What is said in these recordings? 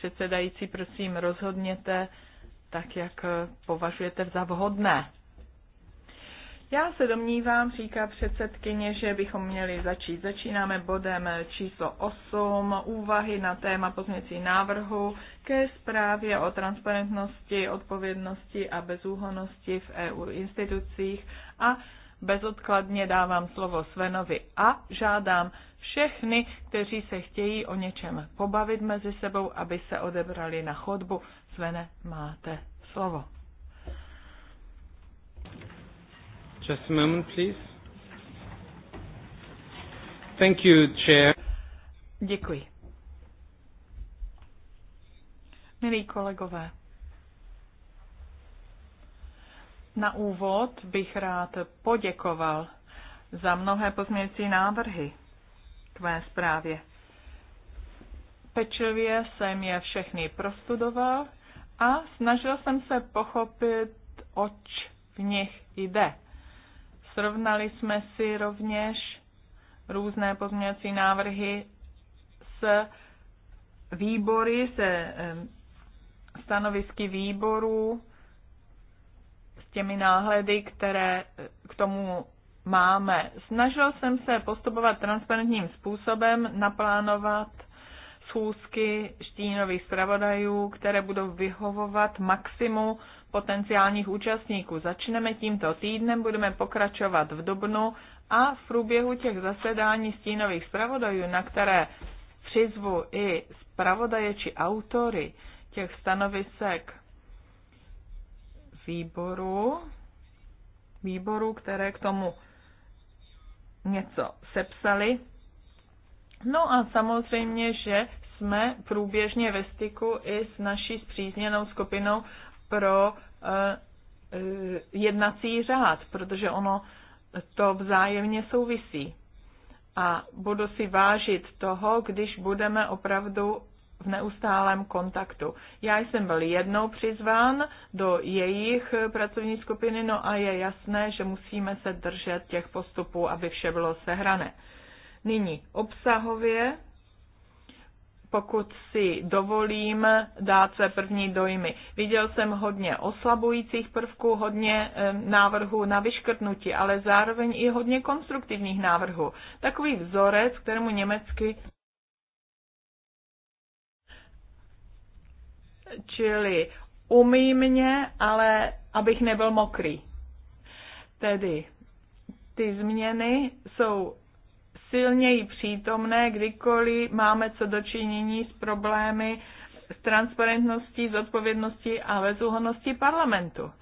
předsedající, prosím, rozhodněte tak, jak považujete za vhodné. Já se domnívám, říká předsedkyně, že bychom měli začít. Začínáme bodem číslo 8, úvahy na téma pozměcí návrhu ke zprávě o transparentnosti, odpovědnosti a bezúhonosti v EU institucích a bezodkladně dávám slovo Svenovi a žádám všechny, kteří se chtějí o něčem pobavit mezi sebou, aby se odebrali na chodbu. Svene, máte slovo. Just a moment, please. Thank you, chair. Děkuji. Milí kolegové, Na úvod bych rád poděkoval za mnohé pozměňující návrhy k mé zprávě. Pečlivě jsem je všechny prostudoval a snažil jsem se pochopit, oč v nich jde. Srovnali jsme si rovněž různé pozměňovací návrhy s výbory, se stanovisky výborů těmi náhledy, které eh, k tomu máme. Snažil jsem se postupovat transparentním způsobem, naplánovat schůzky štínových zpravodajů, které budou vyhovovat maximu potenciálních účastníků. Začneme tímto týdnem, budeme pokračovat v dubnu a v průběhu těch zasedání stínových zpravodajů, na které přizvu i zpravodaje či autory těch stanovisek výboru, výboru, které k tomu něco sepsali. No a samozřejmě, že jsme průběžně ve styku i s naší zpřízněnou skupinou pro eh, jednací řád, protože ono to vzájemně souvisí. A budu si vážit toho, když budeme opravdu v neustálém kontaktu. Já jsem byl jednou přizván do jejich pracovní skupiny, no a je jasné, že musíme se držet těch postupů, aby vše bylo sehrané. Nyní obsahově, pokud si dovolím dát své první dojmy. Viděl jsem hodně oslabujících prvků, hodně návrhů na vyškrtnutí, ale zároveň i hodně konstruktivních návrhů. Takový vzorec, kterému německy čili umí mě, ale abych nebyl mokrý. Tedy ty změny jsou silněji přítomné, kdykoliv máme co dočinění s problémy s transparentností, s odpovědností a bezúhonností parlamentu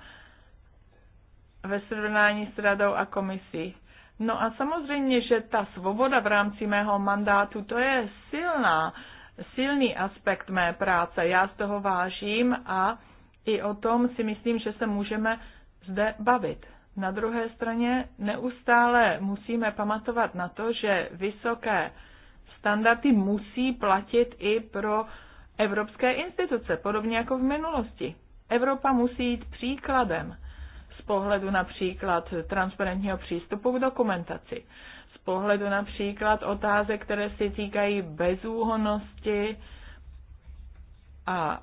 ve srovnání s radou a komisí. No a samozřejmě, že ta svoboda v rámci mého mandátu, to je silná silný aspekt mé práce. Já z toho vážím a i o tom si myslím, že se můžeme zde bavit. Na druhé straně neustále musíme pamatovat na to, že vysoké standardy musí platit i pro evropské instituce, podobně jako v minulosti. Evropa musí jít příkladem z pohledu například transparentního přístupu k dokumentaci pohledu například otázek, které se týkají bezúhonosti a e,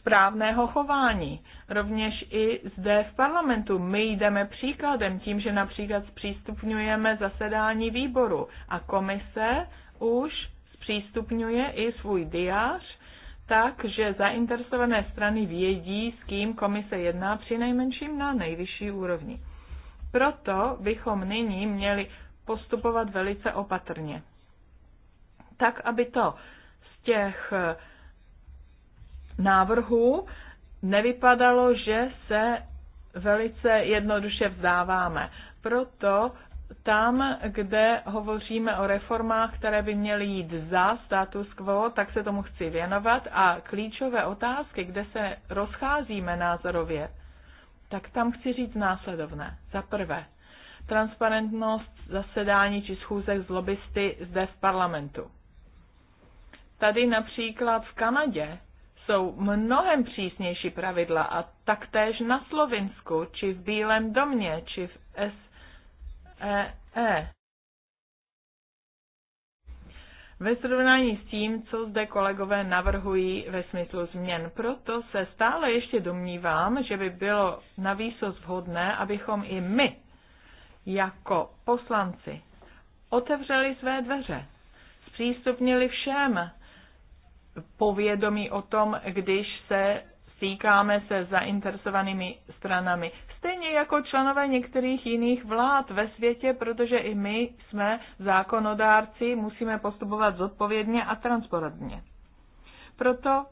správného chování. Rovněž i zde v parlamentu my jdeme příkladem tím, že například zpřístupňujeme zasedání výboru a komise už zpřístupňuje i svůj diář, tak, že zainteresované strany vědí, s kým komise jedná při nejmenším na nejvyšší úrovni. Proto bychom nyní měli postupovat velice opatrně. Tak, aby to z těch eh, návrhů nevypadalo, že se velice jednoduše vzdáváme. Proto tam, kde hovoříme o reformách, které by měly jít za status quo, tak se tomu chci věnovat a klíčové otázky, kde se rozcházíme názorově, tak tam chci říct následovné. Za prvé, transparentnost zasedání či schůzek z lobbysty zde v parlamentu. Tady například v Kanadě jsou mnohem přísnější pravidla a taktéž na Slovinsku, či v Bílém domě, či v SEE. E. Ve srovnání s tím, co zde kolegové navrhují ve smyslu změn, proto se stále ještě domnívám, že by bylo na výsost vhodné, abychom i my jako poslanci otevřeli své dveře, zpřístupnili všem povědomí o tom, když se stýkáme se zainteresovanými stranami. Stejně jako členové některých jiných vlád ve světě, protože i my jsme zákonodárci, musíme postupovat zodpovědně a transparentně. Proto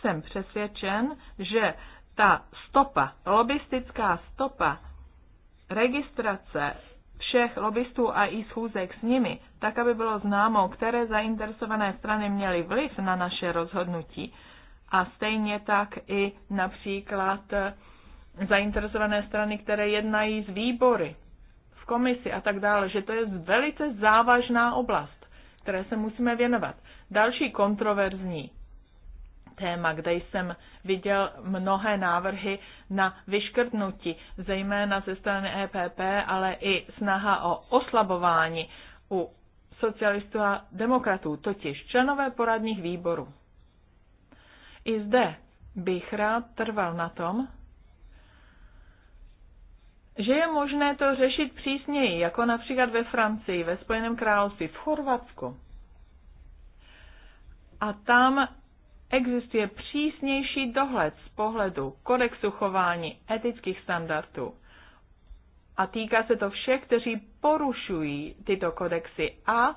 jsem přesvědčen, že ta stopa, lobistická stopa registrace všech lobbystů a i schůzek s nimi, tak aby bylo známo, které zainteresované strany měly vliv na naše rozhodnutí. A stejně tak i například eh, zainteresované strany, které jednají z výbory, v komisi a tak dále, že to je velice závažná oblast, které se musíme věnovat. Další kontroverzní téma, kde jsem viděl mnohé návrhy na vyškrtnutí, zejména ze strany EPP, ale i snaha o oslabování u socialistů a demokratů, totiž členové poradních výborů. I zde bych rád trval na tom, že je možné to řešit přísněji, jako například ve Francii, ve Spojeném království, v Chorvatsku. A tam existuje přísnější dohled z pohledu kodexu chování etických standardů. A týká se to všech, kteří porušují tyto kodexy a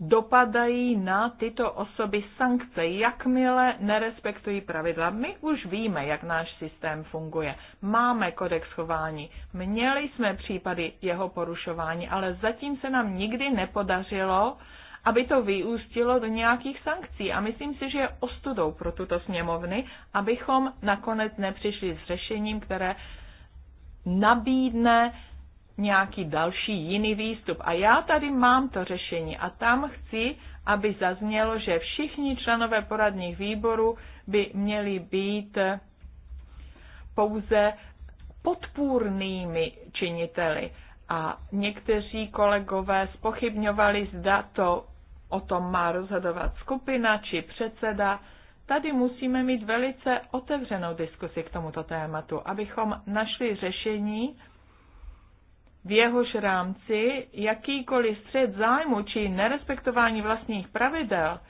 dopadají na tyto osoby sankce, jakmile nerespektují pravidla. My už víme, jak náš systém funguje. Máme kodex chování, měli jsme případy jeho porušování, ale zatím se nám nikdy nepodařilo aby to vyústilo do nějakých sankcí. A myslím si, že je ostudou pro tuto sněmovny, abychom nakonec nepřišli s řešením, které nabídne nějaký další jiný výstup. A já tady mám to řešení a tam chci, aby zaznělo, že všichni členové poradních výborů by měli být pouze podpůrnými činiteli. A někteří kolegové spochybňovali, zda to o tom má rozhodovat skupina či předseda. Tady musíme mít velice otevřenou diskusi k tomuto tématu, abychom našli řešení, v jehož rámci jakýkoliv střed zájmu či nerespektování vlastních pravidel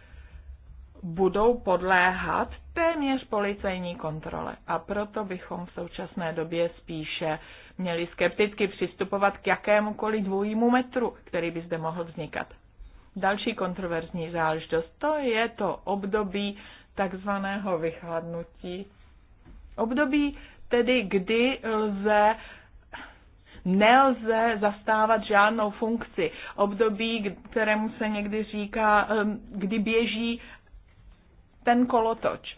budou podléhat téměř policejní kontrole. A proto bychom v současné době spíše měli skepticky přistupovat k jakémukoliv dvojímu metru, který by zde mohl vznikat. Další kontroverzní záležitost, to je to období takzvaného vychladnutí. Období tedy, kdy lze nelze zastávat žádnou funkci. Období, kterému se někdy říká, kdy běží ten kolotoč.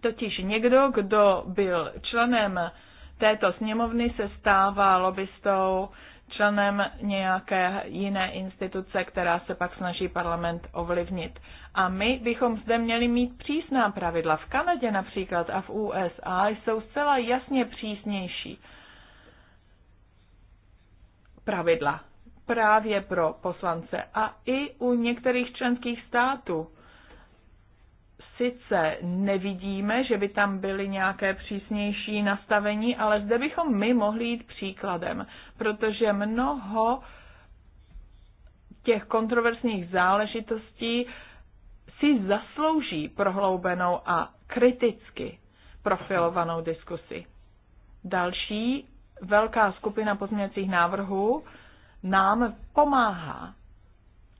Totiž někdo, kdo byl členem této sněmovny, se stává lobbystou, členem nějaké jiné instituce, která se pak snaží parlament ovlivnit. A my bychom zde měli mít přísná pravidla. V Kanadě například a v USA jsou zcela jasně přísnější pravidla právě pro poslance a i u některých členských států sice nevidíme, že by tam byly nějaké přísnější nastavení, ale zde bychom my mohli jít příkladem, protože mnoho těch kontroverzních záležitostí si zaslouží prohloubenou a kriticky profilovanou diskusi. Další velká skupina pozměňovacích návrhů nám pomáhá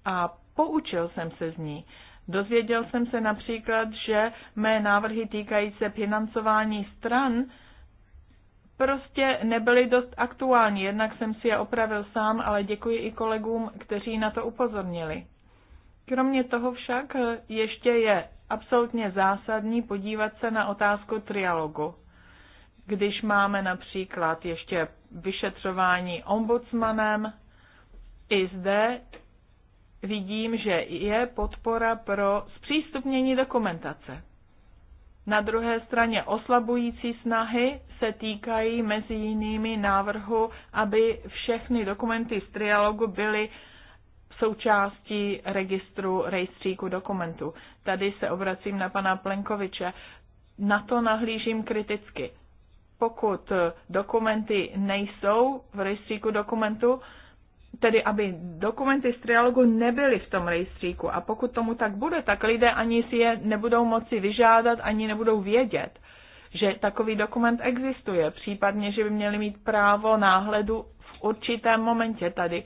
a poučil jsem se z ní. Dozvěděl jsem se například, že mé návrhy týkající se financování stran prostě nebyly dost aktuální. Jednak jsem si je opravil sám, ale děkuji i kolegům, kteří na to upozornili. Kromě toho však ještě je absolutně zásadní podívat se na otázku trialogu. Když máme například ještě vyšetřování ombudsmanem, i zde vidím, že je podpora pro zpřístupnění dokumentace. Na druhé straně oslabující snahy se týkají mezi jinými návrhu, aby všechny dokumenty z trialogu byly součástí registru rejstříku dokumentů. Tady se obracím na pana Plenkoviče. Na to nahlížím kriticky. Pokud dokumenty nejsou v rejstříku dokumentů, tedy aby dokumenty z trialogu nebyly v tom rejstříku. A pokud tomu tak bude, tak lidé ani si je nebudou moci vyžádat, ani nebudou vědět, že takový dokument existuje, případně, že by měli mít právo náhledu v určitém momentě tady.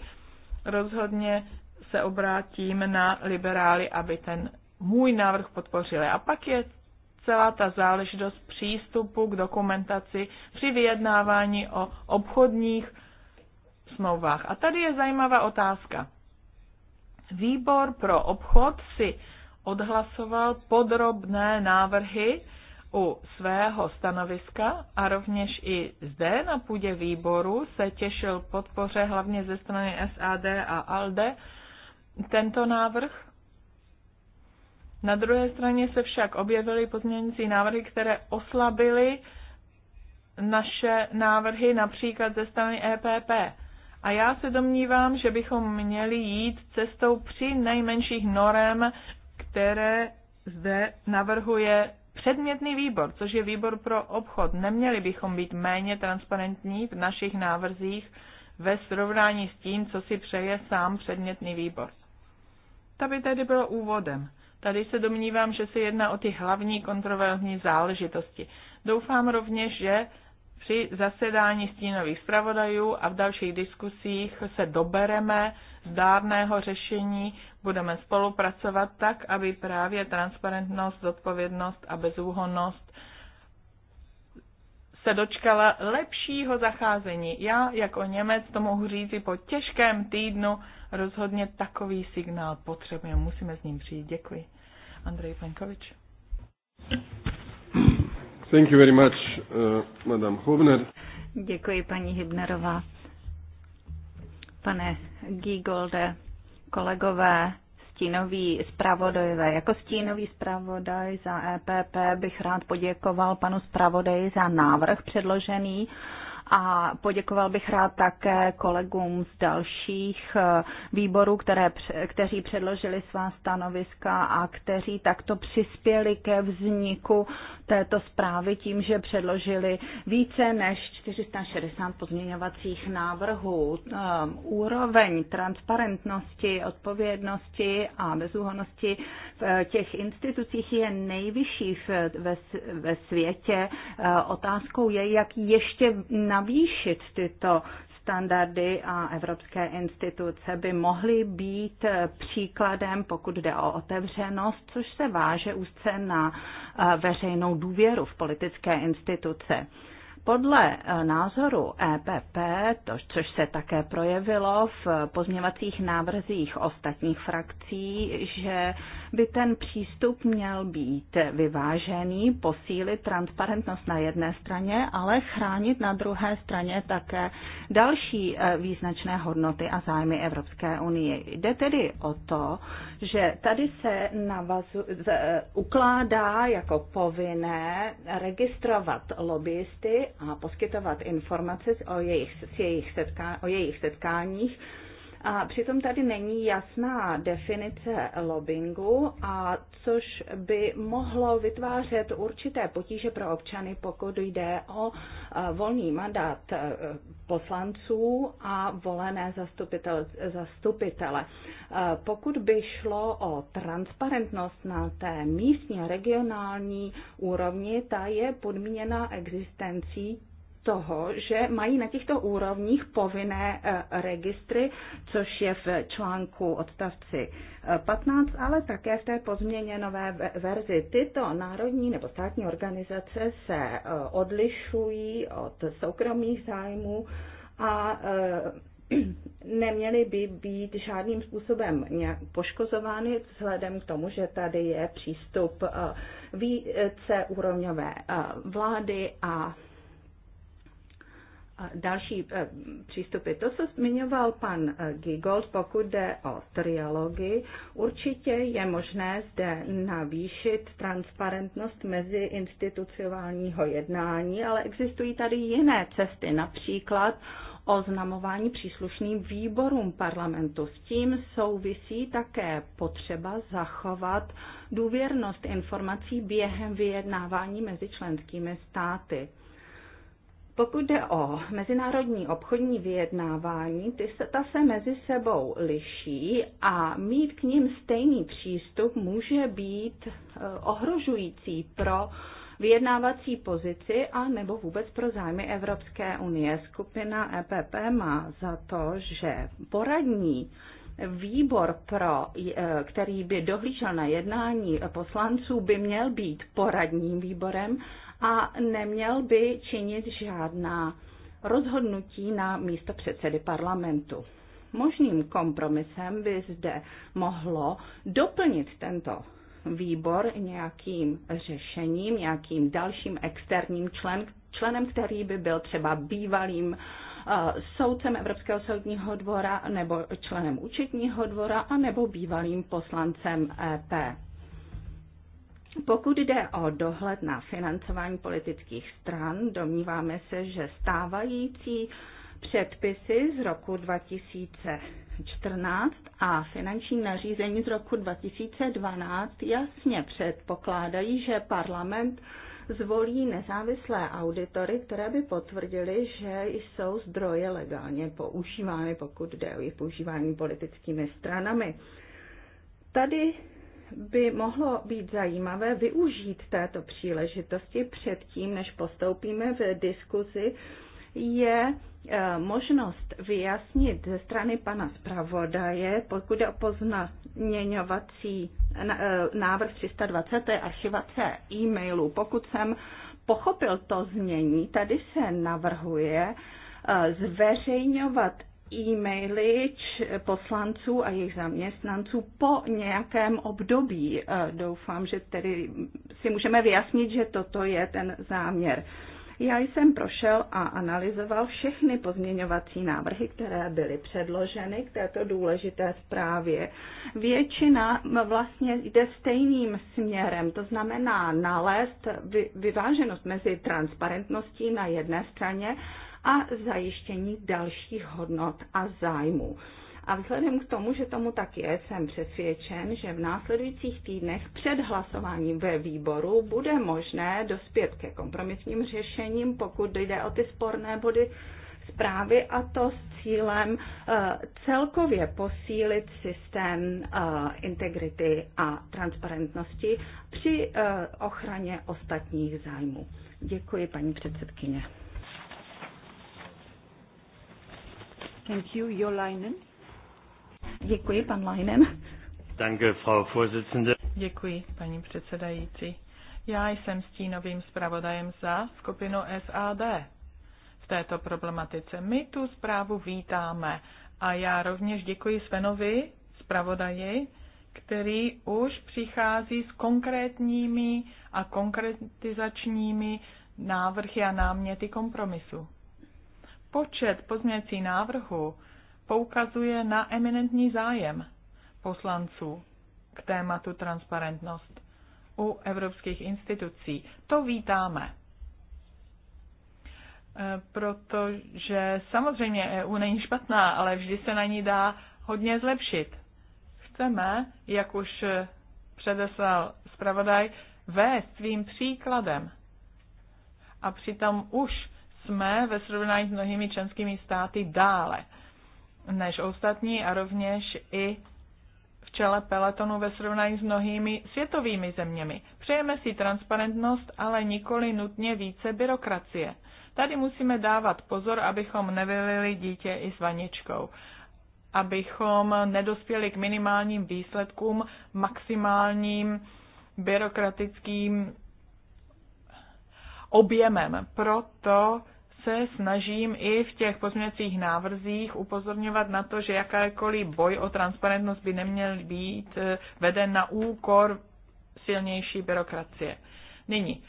Rozhodně se obrátím na liberály, aby ten můj návrh podpořili. A pak je celá ta záležitost přístupu k dokumentaci při vyjednávání o obchodních smlouvách. A tady je zajímavá otázka. Výbor pro obchod si odhlasoval podrobné návrhy u svého stanoviska a rovněž i zde na půdě výboru se těšil podpoře hlavně ze strany SAD a ALDE tento návrh. Na druhé straně se však objevily pozměňující návrhy, které oslabily naše návrhy například ze strany EPP. A já se domnívám, že bychom měli jít cestou při nejmenších norem, které zde navrhuje předmětný výbor, což je výbor pro obchod. Neměli bychom být méně transparentní v našich návrzích ve srovnání s tím, co si přeje sám předmětný výbor. To by tedy bylo úvodem. Tady se domnívám, že se jedná o ty hlavní kontroverzní záležitosti. Doufám rovněž, že při zasedání stínových zpravodajů a v dalších diskusích se dobereme zdárného řešení, budeme spolupracovat tak, aby právě transparentnost, zodpovědnost a bezúhonnost se dočkala lepšího zacházení. Já jako Němec to mohu říci po těžkém týdnu rozhodně takový signál potřebujeme. Musíme s ním přijít. Děkuji. Andrej Plenkovič. Thank you very much, uh, Hubner. Děkuji, paní Hibnerová. Pane Gigolde, kolegové, stínový zpravodajové. Jako stínový zpravodaj za EPP bych rád poděkoval panu zpravodaji za návrh předložený a poděkoval bych rád také kolegům z dalších eh, výborů, které, kteří předložili svá stanoviska a kteří takto přispěli ke vzniku této zprávy tím, že předložili více než 460 pozměňovacích návrhů. Ehm, úroveň transparentnosti, odpovědnosti a bezúhonosti v eh, těch institucích je nejvyšší ve, světě. Ehm, otázkou je, jak ještě navýšit tyto standardy a evropské instituce by mohly být příkladem, pokud jde o otevřenost, což se váže úzce na eh, veřejnou důvěru v politické instituce. Podle eh, názoru EPP, to, což se také projevilo v pozměvacích návrzích ostatních frakcí, že by ten přístup měl být vyvážený, posílit transparentnost na jedné straně, ale chránit na druhé straně také další eh, význačné hodnoty a zájmy Evropské unie. Jde tedy o to, že tady se navazu, eh, ukládá jako povinné registrovat lobbyisty poskytovat informace o jejich, jejich setká, o jejich setkáních a přitom tady není jasná definice lobbyingu, a což by mohlo vytvářet určité potíže pro občany, pokud jde o e, volný mandát e, poslanců a volené zastupitel, zastupitele. E, pokud by šlo o transparentnost na té místní a regionální úrovni, ta je podmíněna existencí toho, že mají na těchto úrovních povinné e, registry, což je v článku odstavci 15, e, ale také v té nové verzi. Tyto národní nebo státní organizace se e, odlišují od soukromých zájmů a neměly by být žádným způsobem nějak poškozovány vzhledem k tomu, že tady je přístup úrovňové vlády a další eh, přístupy. To, co zmiňoval pan eh, Gigold, pokud jde o trialogy, určitě je možné zde navýšit transparentnost mezi institucionálního jednání, ale existují tady jiné cesty, například oznamování příslušným výborům parlamentu. S tím souvisí také potřeba zachovat důvěrnost informací během vyjednávání mezi členskými státy. Pokud jde o mezinárodní obchodní vyjednávání, ty se, ta se mezi sebou liší a mít k ním stejný přístup může být eh, ohrožující pro vyjednávací pozici a nebo vůbec pro zájmy Evropské unie. Skupina EPP má za to, že poradní výbor, pro, eh, který by dohlížel na jednání poslanců, by měl být poradním výborem a neměl by činit žádná rozhodnutí na místo předsedy parlamentu. Možným kompromisem by zde mohlo doplnit tento výbor nějakým řešením, nějakým dalším externím člen, členem, který by byl třeba bývalým uh, soudcem Evropského soudního dvora nebo členem účetního dvora a nebo bývalým poslancem EP. Pokud jde o dohled na financování politických stran, domníváme se, že stávající předpisy z roku 2014 a finanční nařízení z roku 2012 jasně předpokládají, že parlament zvolí nezávislé auditory, které by potvrdili, že jsou zdroje legálně používány, pokud jde o jejich používání politickými stranami. Tady by mohlo být zajímavé využít této příležitosti předtím, než postoupíme v diskuzi, je eh, možnost vyjasnit ze strany pana zpravodaje, pokud je o poznaměňovací eh, návrh 320, to je archivace e-mailů. Pokud jsem pochopil to změní, tady se navrhuje eh, zveřejňovat e-maily poslanců a jejich zaměstnanců po nějakém období. E, doufám, že tedy si můžeme vyjasnit, že toto je ten záměr. Já jsem prošel a analyzoval všechny pozměňovací návrhy, které byly předloženy k této důležité zprávě. Většina vlastně jde stejným směrem, to znamená nalézt vyváženost mezi transparentností na jedné straně a zajištění dalších hodnot a zájmů. A vzhledem k tomu, že tomu tak je, jsem přesvědčen, že v následujících týdnech před hlasováním ve výboru bude možné dospět ke kompromisním řešením, pokud jde o ty sporné body zprávy a to s cílem eh, celkově posílit systém eh, integrity a transparentnosti při eh, ochraně ostatních zájmů. Děkuji, paní předsedkyně. Thank you, Your Leinen. Děkuji, pan Leinen. Danke, Frau Vorsitzende. Děkuji, paní předsedající. Já jsem stínovým zpravodajem za skupinu SAD v této problematice. My tu zprávu vítáme a já rovněž děkuji Svenovi, zpravodaji, který už přichází s konkrétními a konkretizačními návrhy a náměty kompromisu. Počet pozměcí návrhu poukazuje na eminentní zájem poslanců k tématu transparentnost u evropských institucí. To vítáme. E, protože samozřejmě EU není špatná, ale vždy se na ní dá hodně zlepšit. Chceme, jak už předeslal zpravodaj, vést svým příkladem. A přitom už jsme ve srovnání s mnohými členskými státy dále než ostatní a rovněž i v čele pelotonu ve srovnání s mnohými světovými zeměmi. Přejeme si transparentnost, ale nikoli nutně více byrokracie. Tady musíme dávat pozor, abychom nevylili dítě i s vaničkou abychom nedospěli k minimálním výsledkům, maximálním byrokratickým objemem. Proto se snažím i v těch pozměňovacích návrzích upozorňovat na to, že jakékoliv boj o transparentnost by neměl být eh, veden na úkor silnější byrokracie. Nyní,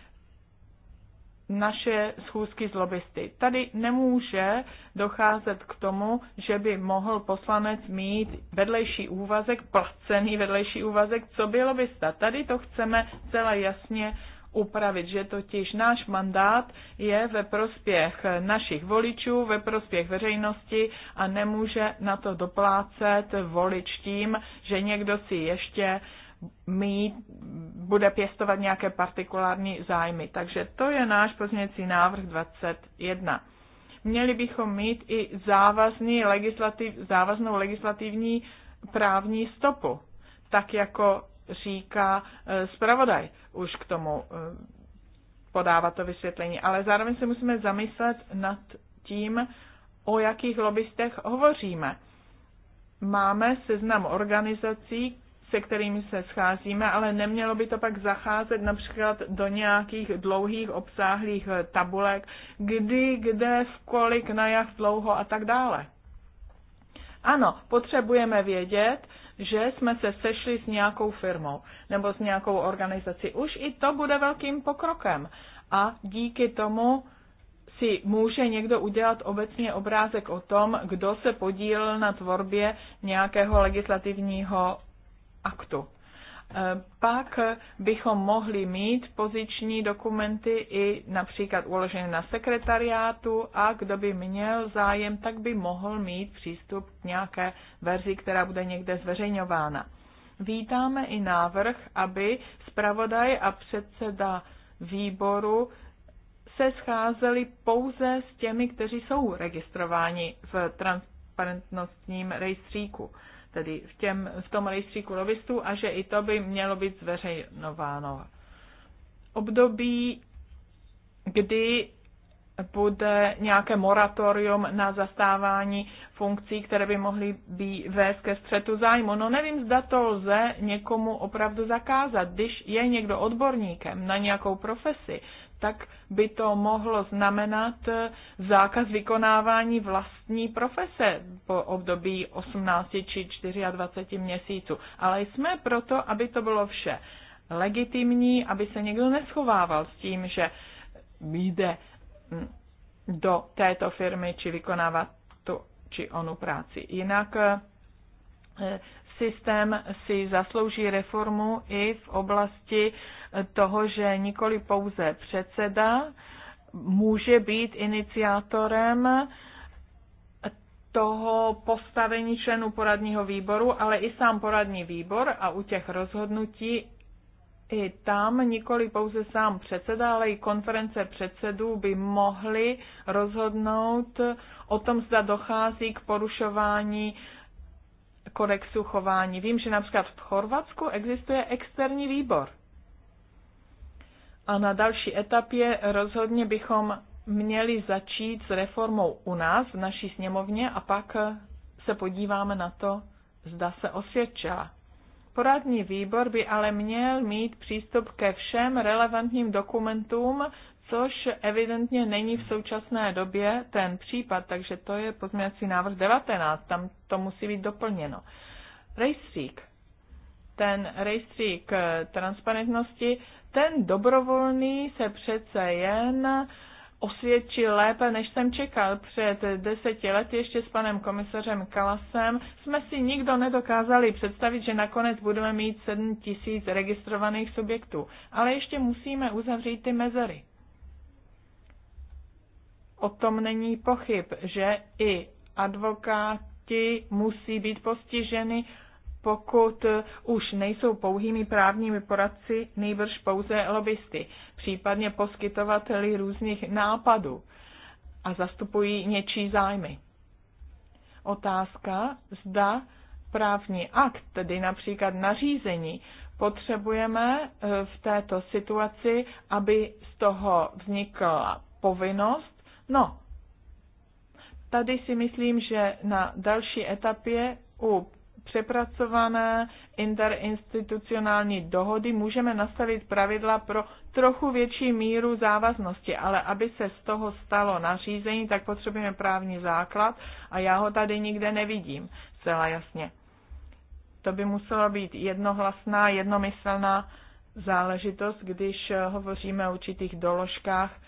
naše schůzky s lobbysty. Tady nemůže docházet k tomu, že by mohl poslanec mít vedlejší úvazek, placený vedlejší úvazek, co by lobbysta. Tady to chceme celé jasně upravit, že totiž náš mandát je ve prospěch našich voličů, ve prospěch veřejnosti a nemůže na to doplácet volič tím, že někdo si ještě mít, bude pěstovat nějaké partikulární zájmy. Takže to je náš pozměňující návrh 21 měli bychom mít i závazný legislativ, závaznou legislativní právní stopu, tak jako říká e, zpravodaj už k tomu e, podávat to vysvětlení. Ale zároveň se musíme zamyslet nad tím, o jakých lobbystech hovoříme. Máme seznam organizací, se kterými se scházíme, ale nemělo by to pak zacházet například do nějakých dlouhých obsáhlých e, tabulek, kdy, kde, v kolik, na jak dlouho a tak dále. Ano, potřebujeme vědět, že jsme se sešli s nějakou firmou nebo s nějakou organizací. Už i to bude velkým pokrokem. A díky tomu si může někdo udělat obecně obrázek o tom, kdo se podílel na tvorbě nějakého legislativního aktu pak bychom mohli mít poziční dokumenty i například uložené na sekretariátu a kdo by měl zájem, tak by mohl mít přístup k nějaké verzi, která bude někde zveřejňována. Vítáme i návrh, aby zpravodaj a předseda výboru se scházeli pouze s těmi, kteří jsou registrováni v transparentnostním rejstříku tedy v, těm, v tom rejstříku lovistů a že i to by mělo být zveřejnováno. Období, kdy bude nějaké moratorium na zastávání funkcí, které by mohly být vést ke střetu zájmu. No nevím, zda to lze někomu opravdu zakázat. Když je někdo odborníkem na nějakou profesi, tak by to mohlo znamenat eh, zákaz vykonávání vlastní profese po období 18 či 24 měsíců. Ale jsme proto, aby to bylo vše legitimní, aby se někdo neschovával s tím, že jde mm, do této firmy či vykonávat tu či onu práci. Jinak eh, systém si zaslouží reformu i v oblasti toho, že nikoli pouze předseda může být iniciátorem toho postavení členů poradního výboru, ale i sám poradní výbor a u těch rozhodnutí i tam nikoli pouze sám předseda, ale i konference předsedů by mohly rozhodnout o tom, zda dochází k porušování kodexu chování. Vím, že například v Chorvatsku existuje externí výbor. A na další etapě rozhodně bychom měli začít s reformou u nás, v naší sněmovně, a pak se podíváme na to, zda se osvědčila. Poradní výbor by ale měl mít přístup ke všem relevantním dokumentům což evidentně není v současné době ten případ, takže to je pozměňovací návrh 19, tam to musí být doplněno. Rejstřík, ten rejstřík eh, transparentnosti, ten dobrovolný se přece jen osvědčil lépe, než jsem čekal. Před deseti lety ještě s panem komisařem Kalasem jsme si nikdo nedokázali představit, že nakonec budeme mít 7 tisíc registrovaných subjektů. Ale ještě musíme uzavřít ty mezery o tom není pochyb, že i advokáti musí být postiženi, pokud už nejsou pouhými právními poradci, nejbrž pouze lobbysty, případně poskytovateli různých nápadů a zastupují něčí zájmy. Otázka, zda právní akt, tedy například nařízení, potřebujeme eh, v této situaci, aby z toho vznikla povinnost No, tady si myslím, že na další etapě u přepracované interinstitucionální dohody můžeme nastavit pravidla pro trochu větší míru závaznosti, ale aby se z toho stalo nařízení, tak potřebujeme právní základ a já ho tady nikde nevidím, Celá jasně. To by muselo být jednohlasná, jednomyslná záležitost, když hovoříme o určitých doložkách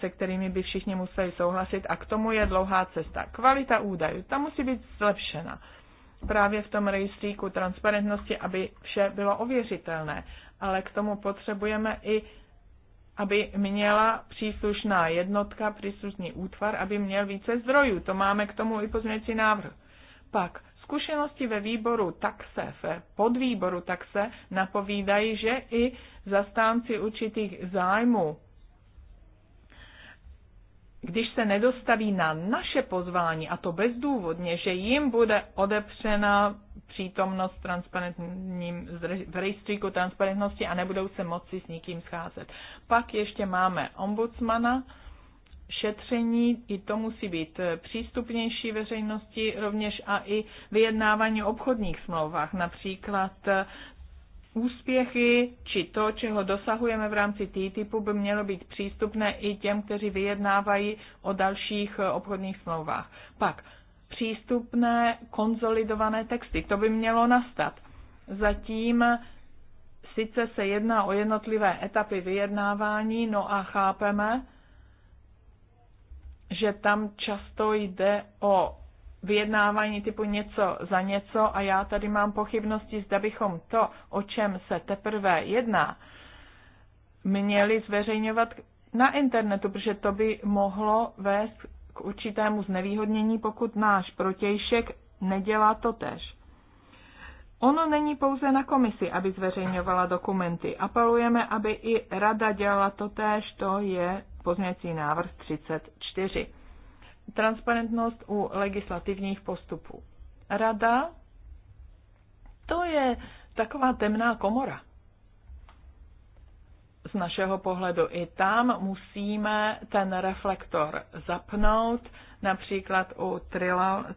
se kterými by všichni museli souhlasit a k tomu je dlouhá cesta. Kvalita údajů, ta musí být zlepšena právě v tom rejstříku transparentnosti, aby vše bylo ověřitelné. Ale k tomu potřebujeme i, aby měla příslušná jednotka, příslušný útvar, aby měl více zdrojů. To máme k tomu i pozměnící návrh. Pak zkušenosti ve výboru taxe, v podvýboru taxe napovídají, že i zastánci určitých zájmů když se nedostaví na naše pozvání, a to bezdůvodně, že jim bude odepřena přítomnost transparentním, v rejstříku transparentnosti a nebudou se moci s nikým scházet. Pak ještě máme ombudsmana, šetření, i to musí být přístupnější veřejnosti, rovněž a i vyjednávání o obchodních smlouvách, například úspěchy či to, čeho dosahujeme v rámci TTIPu, by mělo být přístupné i těm, kteří vyjednávají o dalších eh, obchodních smlouvách. Pak přístupné konzolidované texty, to by mělo nastat. Zatím eh, sice se jedná o jednotlivé etapy vyjednávání, no a chápeme, že tam často jde o vyjednávání typu něco za něco a já tady mám pochybnosti, zda bychom to, o čem se teprve jedná, měli zveřejňovat na internetu, protože to by mohlo vést k určitému znevýhodnění, pokud náš protějšek nedělá to tež. Ono není pouze na komisi, aby zveřejňovala dokumenty. Apelujeme, aby i rada dělala to též, to je pozměcí návrh 34 transparentnost u legislativních postupů. Rada, to je taková temná komora. Z našeho pohledu i tam musíme ten reflektor zapnout, například u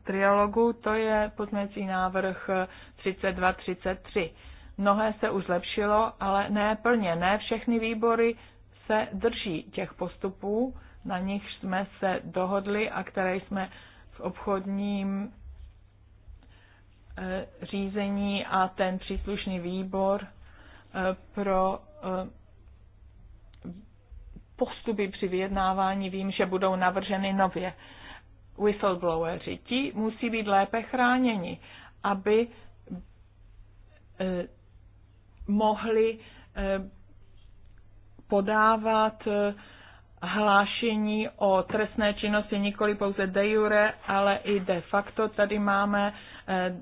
trialogu, to je pozměcí návrh 32-33. Mnohé se už zlepšilo, ale ne plně. Ne všechny výbory se drží těch postupů, na nich jsme se dohodli a které jsme v obchodním eh, řízení a ten příslušný výbor eh, pro eh, postupy při vyjednávání vím, že budou navrženy nově. Whistlebloweri, ti musí být lépe chráněni, aby mohli podávat hlášení o trestné činnosti nikoli pouze de jure, ale i de facto. Tady máme eh,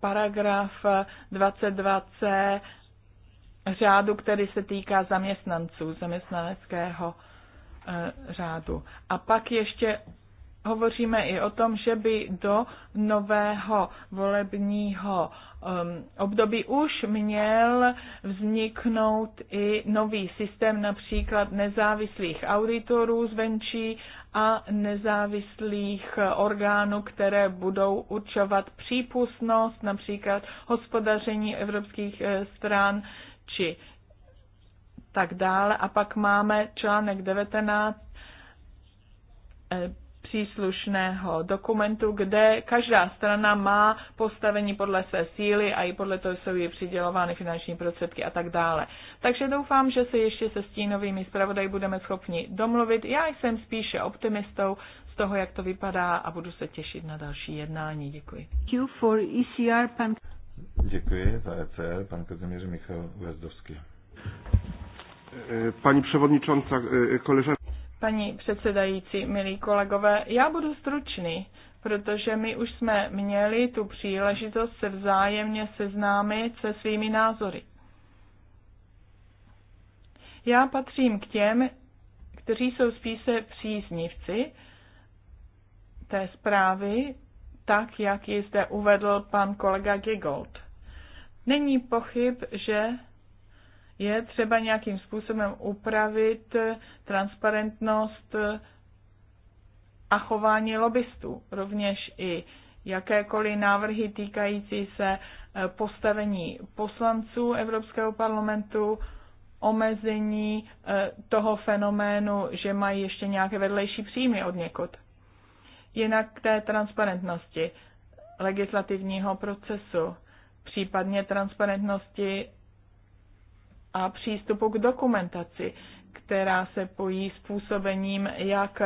paragraf 22c řádu, který se týká zaměstnanců, zaměstnaneckého eh, řádu. A pak ještě hovoříme i o tom, že by do nového volebního um, období už měl vzniknout i nový systém například nezávislých auditorů zvenčí a nezávislých orgánů, které budou určovat přípustnost například hospodaření evropských eh, stran či tak dále. A pak máme článek 19 příslušného dokumentu, kde každá strana má postavení podle své síly a i podle toho jsou jí přidělovány finanční prostředky a tak dále. Takže doufám, že se ještě se stínovými zpravodají budeme schopni domluvit. Já jsem spíše optimistou z toho, jak to vypadá a budu se těšit na další jednání. Děkuji. E Děkuji za ECR, pan Kazimierz Michal Wezdowski. E, Pani przewodnicząca, e, koleżanka. Paní předsedající, milí kolegové, já budu stručný, protože my už jsme měli tu příležitost se vzájemně seznámit se svými názory. Já patřím k těm, kteří jsou spíše příznivci té zprávy, tak jak ji zde uvedl pan kolega Gigold. Není pochyb, že je třeba nějakým způsobem upravit transparentnost a chování lobbystů. Rovněž i jakékoliv návrhy týkající se eh, postavení poslanců Evropského parlamentu, omezení eh, toho fenoménu, že mají ještě nějaké vedlejší příjmy od někud. Jinak k té transparentnosti legislativního procesu, případně transparentnosti a přístupu k dokumentaci, která se pojí způsobením jak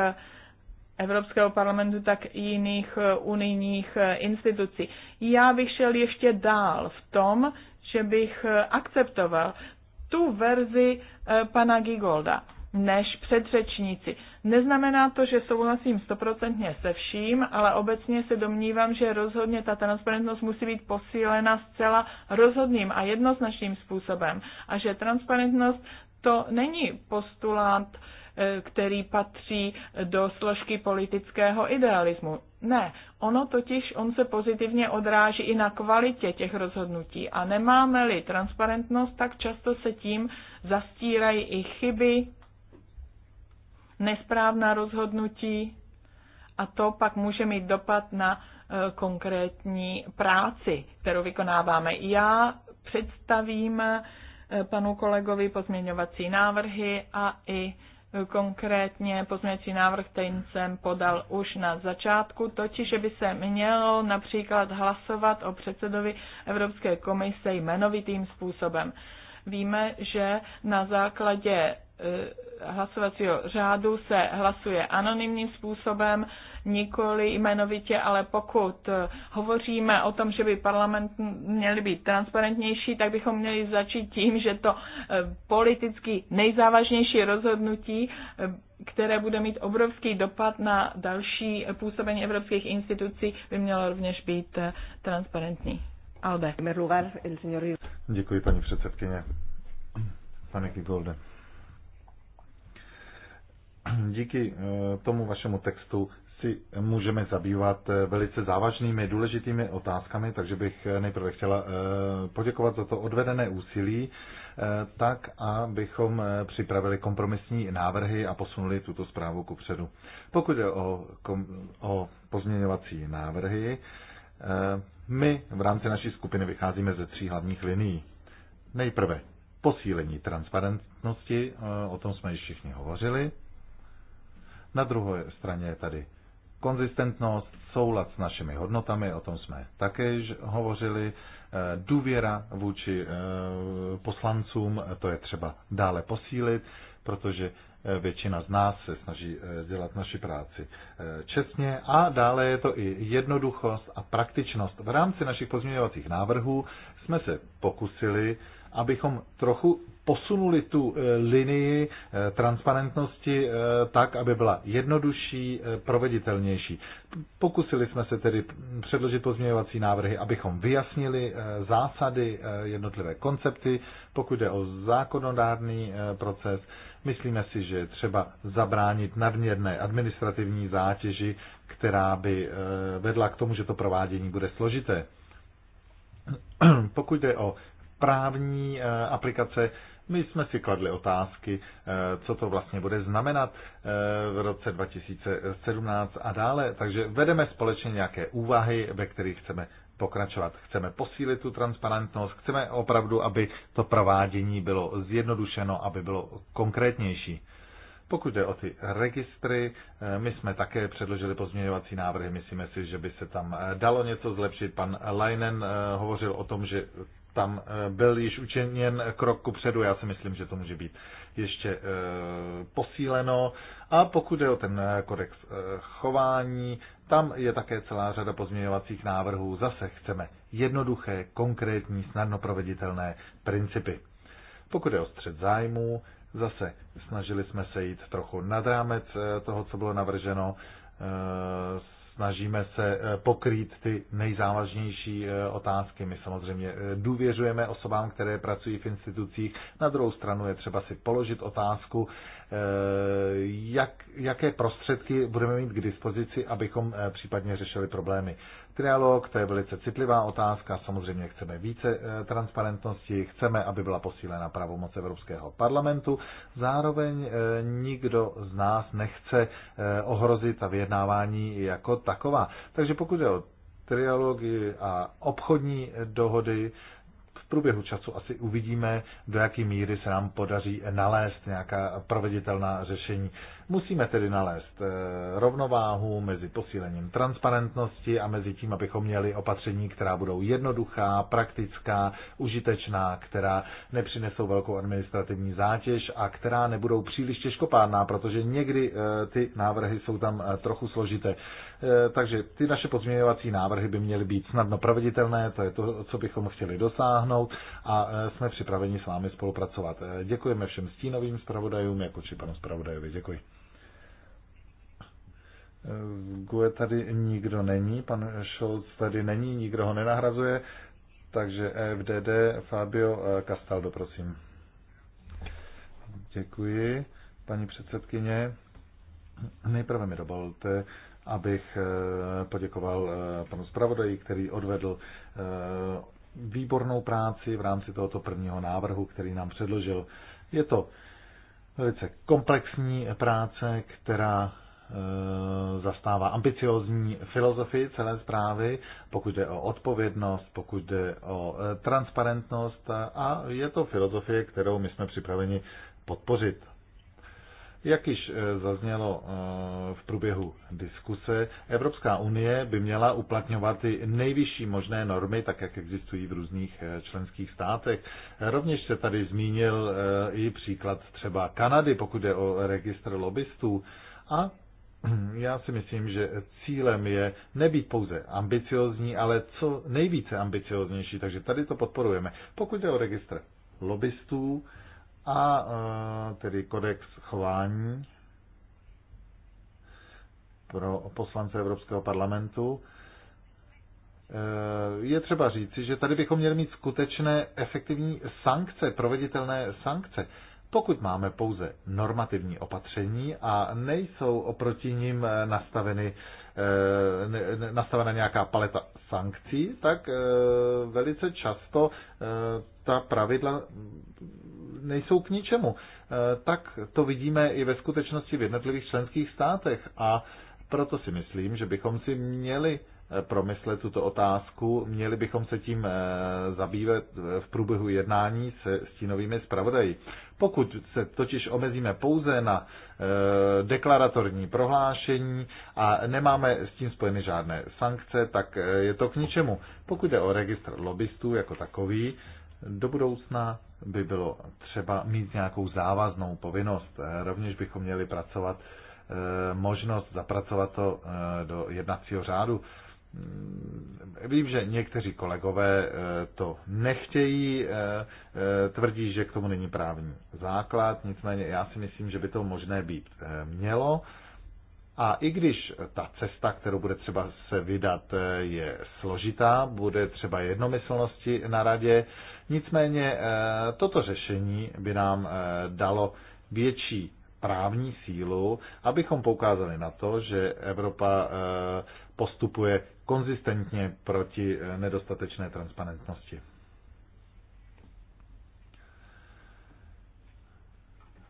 Evropského parlamentu, tak i jiných eh, unijních eh, institucí. Já bych šel ještě dál v tom, že bych eh, akceptoval tu verzi pana Gigolda než předřečníci. Neznamená to, že souhlasím stoprocentně se vším, ale obecně se domnívám, že rozhodně ta transparentnost musí být posílena zcela rozhodným a jednoznačným způsobem a že transparentnost to není postulát, eh, který patří do složky politického idealismu. Ne, ono totiž, on se pozitivně odráží i na kvalitě těch rozhodnutí a nemáme-li transparentnost, tak často se tím zastírají i chyby, nesprávná rozhodnutí a to pak může mít dopad na e, konkrétní práci, kterou vykonáváme. Já představím e, panu kolegovi pozměňovací návrhy a i konkrétně pozměňovací návrh, který jsem podal už na začátku, totiž, že by se mělo například hlasovat o předsedovi Evropské komise jmenovitým způsobem. Víme, že na základě Eh, hlasovacího řádu se hlasuje anonymním způsobem, nikoli jmenovitě, ale pokud eh, hovoříme o tom, že by parlament měl být transparentnější, tak bychom měli začít tím, že to eh, politicky nejzávažnější rozhodnutí, které bude mít obrovský dopad na další působení evropských institucí, by mělo rovněž být transparentní. Albe. Děkuji, paní předsedkyně. Pane Kigolde díky eh, tomu vašemu textu si můžeme zabývat eh, velice závažnými, důležitými otázkami, takže bych eh, nejprve chtěla poděkovat za to odvedené úsilí, tak abychom připravili kompromisní návrhy a posunuli tuto zprávu ku předu. Pokud je o, o pozměňovací návrhy, my v rámci naší skupiny vycházíme ze tří hlavních linií. Nejprve posílení transparentnosti, o tom jsme již všichni hovořili, na druhé straně je tady konzistentnost, soulad s našimi hodnotami, o tom jsme také hovořili, e, důvěra vůči e, poslancům, to je třeba dále posílit, protože e, většina z nás se snaží dělat naši práci čestně a dále je to i jednoduchost a praktičnost. V rámci našich pozměňovacích návrhů jsme se pokusili abychom trochu posunuli tu eh, linii eh, transparentnosti eh, tak, aby byla jednodušší, proveditelnější. Pokusili jsme se tedy předložit pozměňovací návrhy, abychom vyjasnili zásady, jednotlivé koncepty, pokud jde o zákonodárný proces. Myslíme si, že je třeba zabránit nadměrné administrativní zátěži, která by vedla k tomu, že to provádění bude složité. Pokud jde o právní eh, aplikace. My jsme si kladli otázky, eh, co to vlastně bude znamenat eh, v roce 2017 a dále. Takže vedeme společně nějaké úvahy, ve kterých chceme pokračovat. Chceme posílit tu transparentnost, chceme opravdu, aby to provádění bylo zjednodušeno, aby bylo konkrétnější. Pokud jde o ty registry, my jsme také předložili pozměňovací návrhy, myslíme si, že by se tam dalo něco zlepšit. Pan Leinen hovořil o tom, že tam eh, byl již učiněn krok ku předu. Já si myslím, že to může být ještě eh, posíleno. A pokud je o ten eh, kodex chování, tam je také celá řada pozměňovacích návrhů. Zase chceme jednoduché, konkrétní, snadno proveditelné principy. Pokud je o střed zájmů, zase snažili jsme se jít trochu nad rámec toho, co bylo navrženo snažíme se eh, pokrýt ty nejzávažnější eh, otázky. My samozřejmě eh, důvěřujeme osobám, které pracují v institucích. Na druhou stranu je třeba si položit otázku, jak, jaké prostředky budeme mít k dispozici, abychom případně řešili problémy. Trialog, to je velice citlivá otázka, samozřejmě chceme více eh, transparentnosti, chceme, aby byla posílena pravomoc Evropského parlamentu, zároveň eh, nikdo z nás nechce eh, ohrozit ta vyjednávání jako taková. Takže pokud je o trialogy a obchodní dohody, v průběhu času asi uvidíme, do jaké míry se nám podaří nalézt nějaká proveditelná řešení. Musíme tedy nalézt eh, rovnováhu mezi posílením transparentnosti a mezi tím, abychom měli opatření, která budou jednoduchá, praktická, užitečná, která nepřinesou velkou administrativní zátěž a která nebudou příliš těžkopádná, protože někdy eh, ty návrhy jsou tam eh, trochu složité. Takže ty naše pozměňovací návrhy by měly být snadno proveditelné, to je to, co bychom chtěli dosáhnout a jsme připraveni s vámi spolupracovat. Děkujeme všem stínovým zpravodajům, jako či panu zpravodajovi. Děkuji. V eh, GUE tady nikdo není, pan Scholz tady není, nikdo ho nenahrazuje, takže e FDD Fabio eh, Castaldo, prosím. Děkuji, paní předsedkyně. Nejprve mi dovolte, abych eh, poděkoval panu zpravodaji, který odvedl výbornou práci v rámci tohoto prvního návrhu, který nám předložil. Je to velice komplexní práce, která Eh, zastává ambiciozní filozofii celé zprávy, pokud jde o odpovědnost, pokud jde o eh, transparentnost a je to filozofie, kterou my jsme připraveni podpořit. Jak již eh, zaznělo v průběhu diskuse, Evropská unie by měla uplatňovat ty nejvyšší možné normy, tak jak existují v různých členských státech. Rovněž se tady zmínil i příklad třeba Kanady, pokud je o registr lobbystů. A Já si myslím, že cílem je nebýt pouze ambiciozní, ale co nejvíce ambicioznější, takže tady to podporujeme. Pokud je o registr lobbystů a e, tedy kodex chování pro poslance Evropského parlamentu, e, je třeba říci, že tady bychom měli mít skutečné efektivní sankce, proveditelné sankce. Pokud máme pouze normativní opatření a nejsou oproti ním eh, nastaveny, eh, nastavena nějaká paleta sankcí, tak eh, velice často ta pravidla nejsou k ničemu. Tak to vidíme i ve skutečnosti v jednotlivých členských státech a proto si myslím, že bychom si měli promyslet tuto otázku. Měli bychom se tím eh, zabývat eh, v průběhu jednání se stínovými zpravodaji. Pokud se totiž omezíme pouze na eh, deklaratorní prohlášení a nemáme s tím spojeny žádné sankce, tak je to k ničemu. Pokud je o registr lobbystů jako takový, do budoucna by bylo třeba mít nějakou závaznou povinnost. Rovněž bychom měli pracovat možnost zapracovat to do jednacího řádu Eh, vím, že někteří kolegové eh, to nechtějí, eh, tvrdí, že k tomu není právní základ, nicméně já si myslím, že by to možné být mělo. A i když ta cesta, kterou bude třeba se vydat, je složitá, bude třeba jednomyslnosti na radě, nicméně toto řešení by nám dalo větší právní sílu, abychom poukázali na to, že Evropa postupuje konzistentně proti eh, nedostatečné transparentnosti.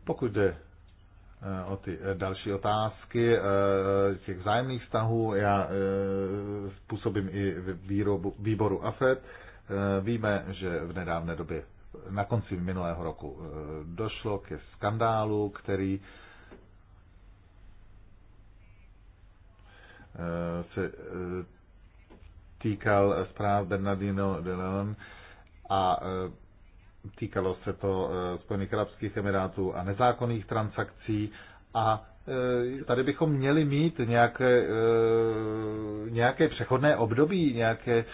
Pokud jde eh, o ty eh, další otázky těch vzájemných vztahů, já způsobím i výrobu, výboru AFED. Víme, že v nedávné době, na konci minulého roku, došlo ke skandálu, který se týkal zpráv Bernardino de Leon a e, týkalo se to e, Spojených arabských emirátů a nezákonných transakcí a e, tady bychom měli mít nějaké, nějaké přechodné období, nějaké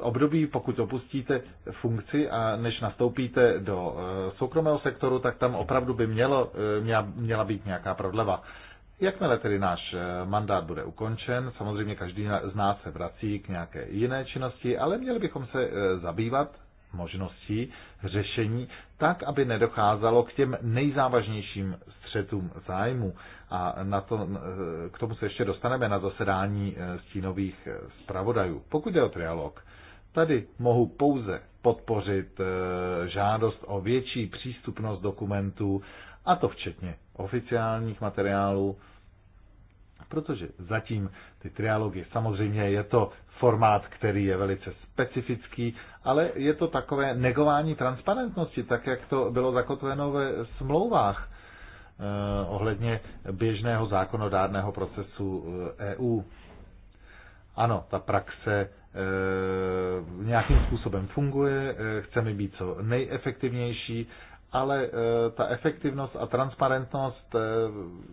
období, pokud opustíte funkci a než nastoupíte do soukromého sektoru, tak tam opravdu by mělo, měla, měla být nějaká prodleva. Jakmile tedy náš eh, mandát bude ukončen, samozřejmě každý z nás se vrací k nějaké jiné činnosti, ale měli bychom se eh, zabývat možností řešení tak, aby nedocházelo k těm nejzávažnějším střetům zájmu. A na to, eh, k tomu se ještě dostaneme na zasedání stínových zpravodajů. Pokud jde o trialog, tady mohu pouze podpořit žádost o větší přístupnost dokumentů, a to včetně oficiálních materiálů, protože zatím ty trialogy, samozřejmě je to formát, který je velice specifický, ale je to takové negování transparentnosti, tak jak to bylo zakotveno ve smlouvách eh, ohledně běžného zákonodárného procesu EU. Eh, e ano, ta praxe eh, nějakým způsobem funguje, eh, chceme být co nejefektivnější ale eh, ta efektivnost a transparentnost eh,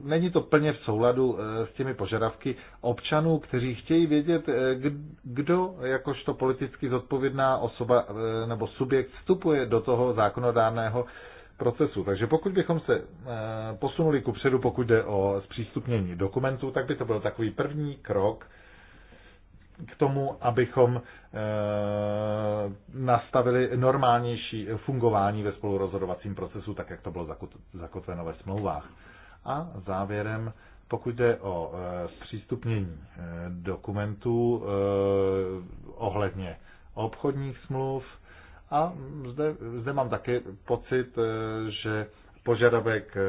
není to plně v souladu eh, s těmi požadavky občanů, kteří chtějí vědět, kdo jakožto politicky zodpovědná osoba nebo subjekt vstupuje do toho zákonodárného procesu. Takže pokud bychom se posunuli ku předu, pokud jde o zpřístupnění dokumentů, tak by to byl takový první krok k tomu, abychom eh, nastavili normálnější fungování ve spolurozhodovacím procesu, tak jak to bylo zakotveno ve smlouvách. A závěrem, pokud jde o eh, zpřístupnění eh, dokumentů ohledně obchodních smluv, a zde, zde mám také pocit, že Požadavek eh,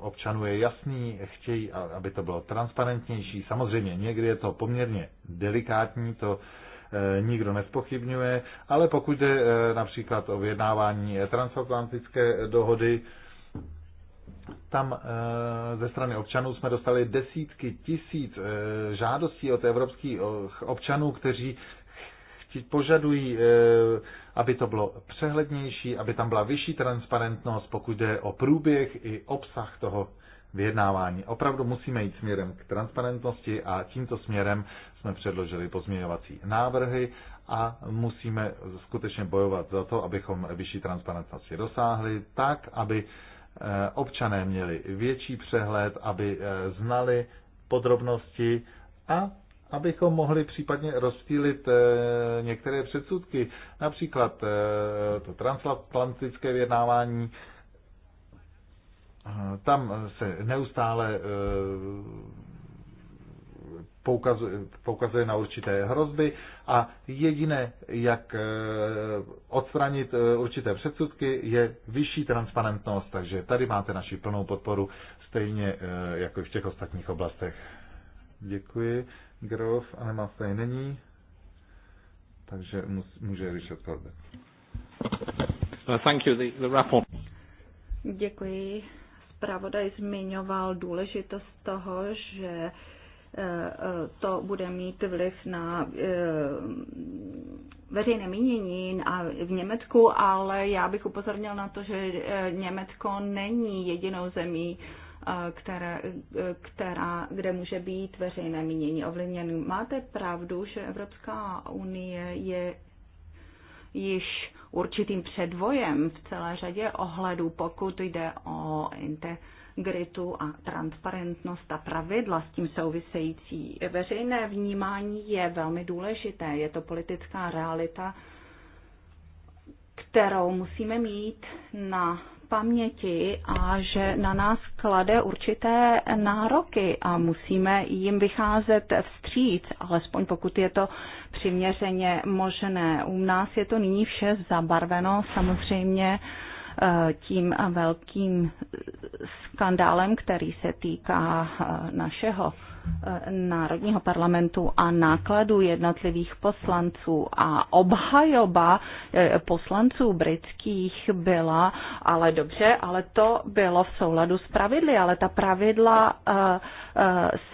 občanů je jasný, chtějí, aby to bylo transparentnější. Samozřejmě někdy je to poměrně delikátní, to eh, nikdo nespochybňuje, ale pokud je eh, například o vyjednávání transatlantické dohody, tam ze strany občanů jsme dostali desítky tisíc žádostí od evropských občanů, kteří požadují, eh, aby to bylo přehlednější, aby tam byla vyšší transparentnost, pokud jde o průběh i obsah toho vyjednávání. Opravdu musíme jít směrem k transparentnosti a tímto směrem jsme předložili pozměňovací návrhy a musíme skutečně bojovat za to, abychom vyšší transparentnosti dosáhli tak, aby eh, občané měli větší přehled, aby eh, znali podrobnosti a abychom mohli případně rozptýlit eh, některé předsudky, například eh, to transatlantické vyjednávání, eh, tam se neustále poukazuje, poukazuje na určité hrozby a jediné, jak odstranit určité předsudky, je vyšší transparentnost. Takže tady máte naši plnou podporu, stejně jako i v těch ostatních oblastech. Děkuji. Grove, a nemá tady není, takže může Richard Corbett. Uh, thank you, the, the rapport. Děkuji. Zpravodaj zmiňoval důležitost toho, že eh, eh, to bude mít vliv na eh, veřejné mínění a v Německu, ale já bych upozornil na to, že Německo není jedinou zemí, které, e, která, kde může být veřejné mínění ovlivněné. Máte pravdu, že Evropská unie je již určitým předvojem v celé řadě ohledů, pokud jde o integritu a transparentnost a pravidla s tím související. Veřejné vnímání je velmi důležité, je to politická realita, kterou musíme mít na paměti a že na nás klade určité nároky a musíme jim vycházet vstříc, alespoň pokud je to přiměřeně možné. U nás je to nyní vše zabarveno samozřejmě tím velkým skandálem, který se týká eh, našeho eh, Národního parlamentu a nákladu jednotlivých poslanců. A obhajoba eh, poslanců britských byla, ale dobře, ale to bylo v souladu s pravidly, ale ta pravidla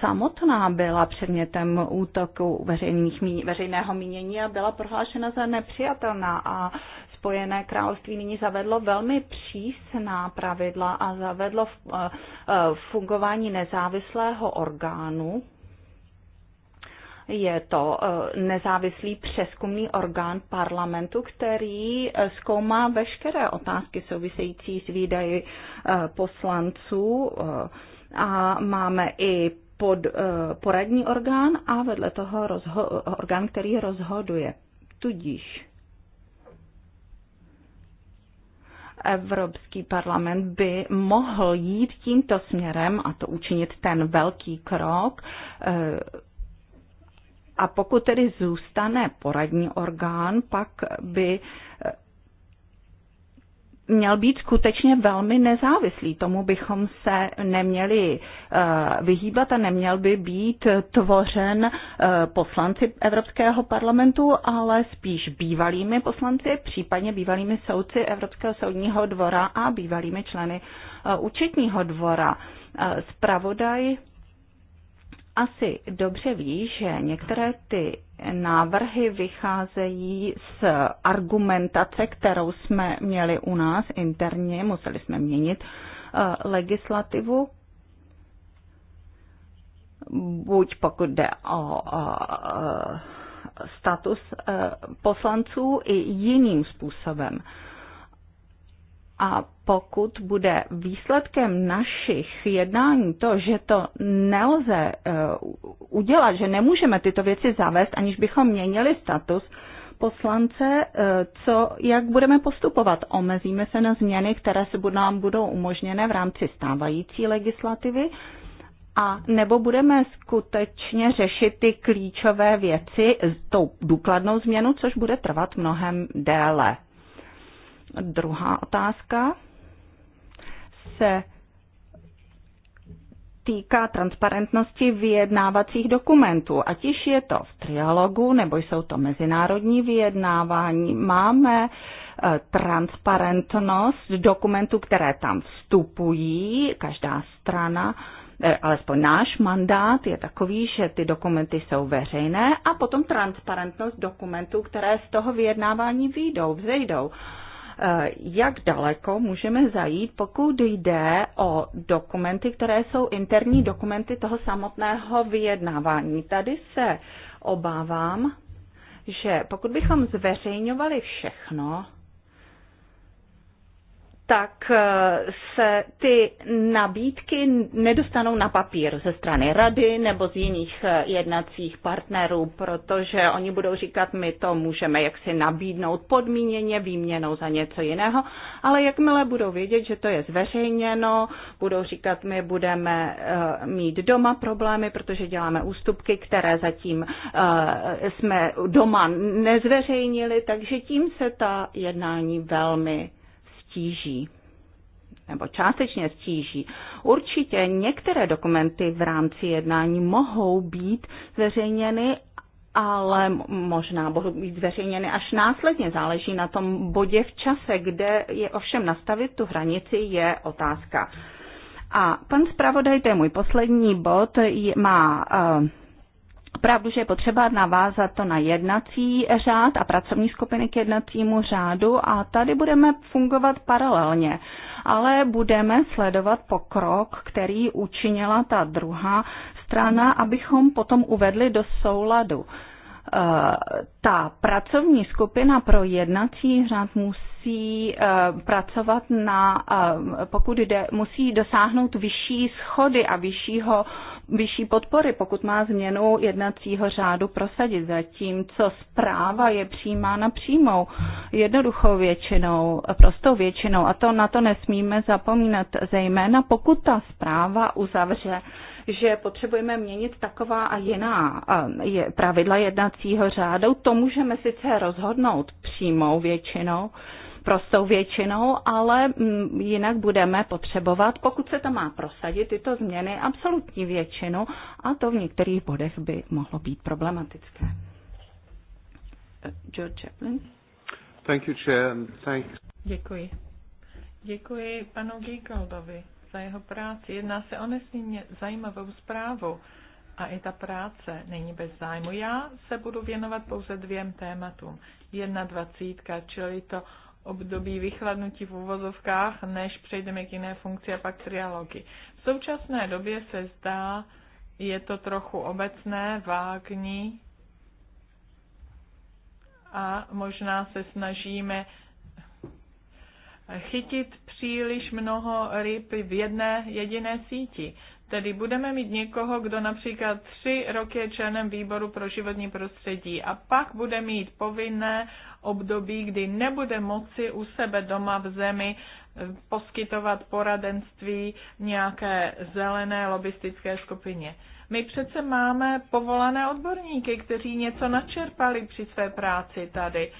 samotná byla předmětem útoku veřejných, veřejného mínění a byla prohlášena za nepřijatelná. A Spojené království nyní zavedlo velmi přísná pravidla a zavedlo eh, eh, fungování nezávislého orgánu. Je to eh, nezávislý přeskumný orgán parlamentu, který zkoumá veškeré otázky související s výdaji poslanců a máme i pod, poradní orgán a vedle toho rozho- orgán, který rozhoduje. Tudíž Evropský parlament by mohl jít tímto směrem a to učinit ten velký krok. Eh, a pokud tedy zůstane poradní orgán, pak by měl být skutečně velmi nezávislý. Tomu bychom se neměli eh, vyhýbat a neměl by být tvořen eh, poslanci Evropského parlamentu, ale spíš bývalými poslanci, případně bývalými soudci Evropského soudního dvora a bývalými členy eh, účetního dvora. Spravodaj asi dobře ví, že některé ty návrhy vycházejí z argumentace, kterou jsme měli u nás interně, museli jsme měnit eh, legislativu, buď pokud jde o eh, status eh, poslanců i jiným způsobem. A pokud bude výsledkem našich jednání to, že to nelze eh, udělat, že nemůžeme tyto věci zavést, aniž bychom měnili status poslance, eh, co, jak budeme postupovat. Omezíme se na změny, které se nám budou umožněné v rámci stávající legislativy, a nebo budeme skutečně řešit ty klíčové věci s tou důkladnou změnu, což bude trvat mnohem déle. Druhá otázka se týká transparentnosti vyjednávacích dokumentů, ať již je to v trialogu nebo jsou to mezinárodní vyjednávání, máme eh, transparentnost dokumentů, které tam vstupují, každá strana eh, alespoň náš mandát je takový, že ty dokumenty jsou veřejné a potom transparentnost dokumentů, které z toho vyjednávání výjdou, vzejdou. Eh, jak daleko můžeme zajít, pokud jde o dokumenty, které jsou interní dokumenty toho samotného vyjednávání. Tady se obávám, že pokud bychom zveřejňovali všechno, tak eh, se ty nabídky nedostanou na papír ze strany rady nebo z jiných eh, jednacích partnerů, protože oni budou říkat, my to můžeme jaksi nabídnout podmíněně výměnou za něco jiného, ale jakmile budou vědět, že to je zveřejněno, budou říkat, my budeme eh, mít doma problémy, protože děláme ústupky, které zatím jsme doma nezveřejnili, takže tím se ta jednání velmi stíží nebo částečně stíží. Určitě některé dokumenty v rámci jednání mohou být zveřejněny, ale možná budou být zveřejněny až následně. Záleží na tom bodě v čase, kde je ovšem nastavit tu hranici, je otázka. A pan zpravodaj, to je můj poslední bod, má eh, opravdu, že je potřeba navázat to na jednací řád a pracovní skupiny k jednacímu řádu a tady budeme fungovat paralelně, ale budeme sledovat pokrok, který učinila ta druhá strana, abychom potom uvedli do souladu. Eh, ta pracovní skupina pro jednací řád musí eh, pracovat na, eh, pokud jde, musí dosáhnout vyšší schody a vyššího vyšší podpory, pokud má změnu jednacího řádu prosadit, zatímco zpráva je přijímána přímou, jednoduchou většinou, prostou většinou. A to na to nesmíme zapomínat, zejména pokud ta zpráva uzavře že potřebujeme měnit taková a jiná pravidla jednacího řádu. To můžeme sice rozhodnout přímou většinou, prostou většinou, ale mm, jinak budeme potřebovat, pokud se to má prosadit, tyto změny absolutní většinu a to v některých bodech by mohlo být problematické. Eh, George Chaplin. Thank you, Chair, thanks. Děkuji. Děkuji panu Giegoldovi za jeho práci. Jedná se o nesmírně zajímavou zprávu a i ta práce není bez zájmu. Já se budu věnovat pouze dvěm tématům. Jedna dvacítka, čili to období vychladnutí v uvozovkách, než přejdeme k jiné funkci a pak trialogy. V současné době se zdá, je to trochu obecné, vágní a možná se snažíme chytit příliš mnoho ryb v jedné jediné síti. Tedy budeme mít někoho, kdo například tři roky je členem výboru pro životní prostředí a pak bude mít povinné období, kdy nebude moci u sebe doma v zemi eh, poskytovat poradenství nějaké zelené lobistické skupině. My přece máme povolané odborníky, kteří něco načerpali při své práci tady.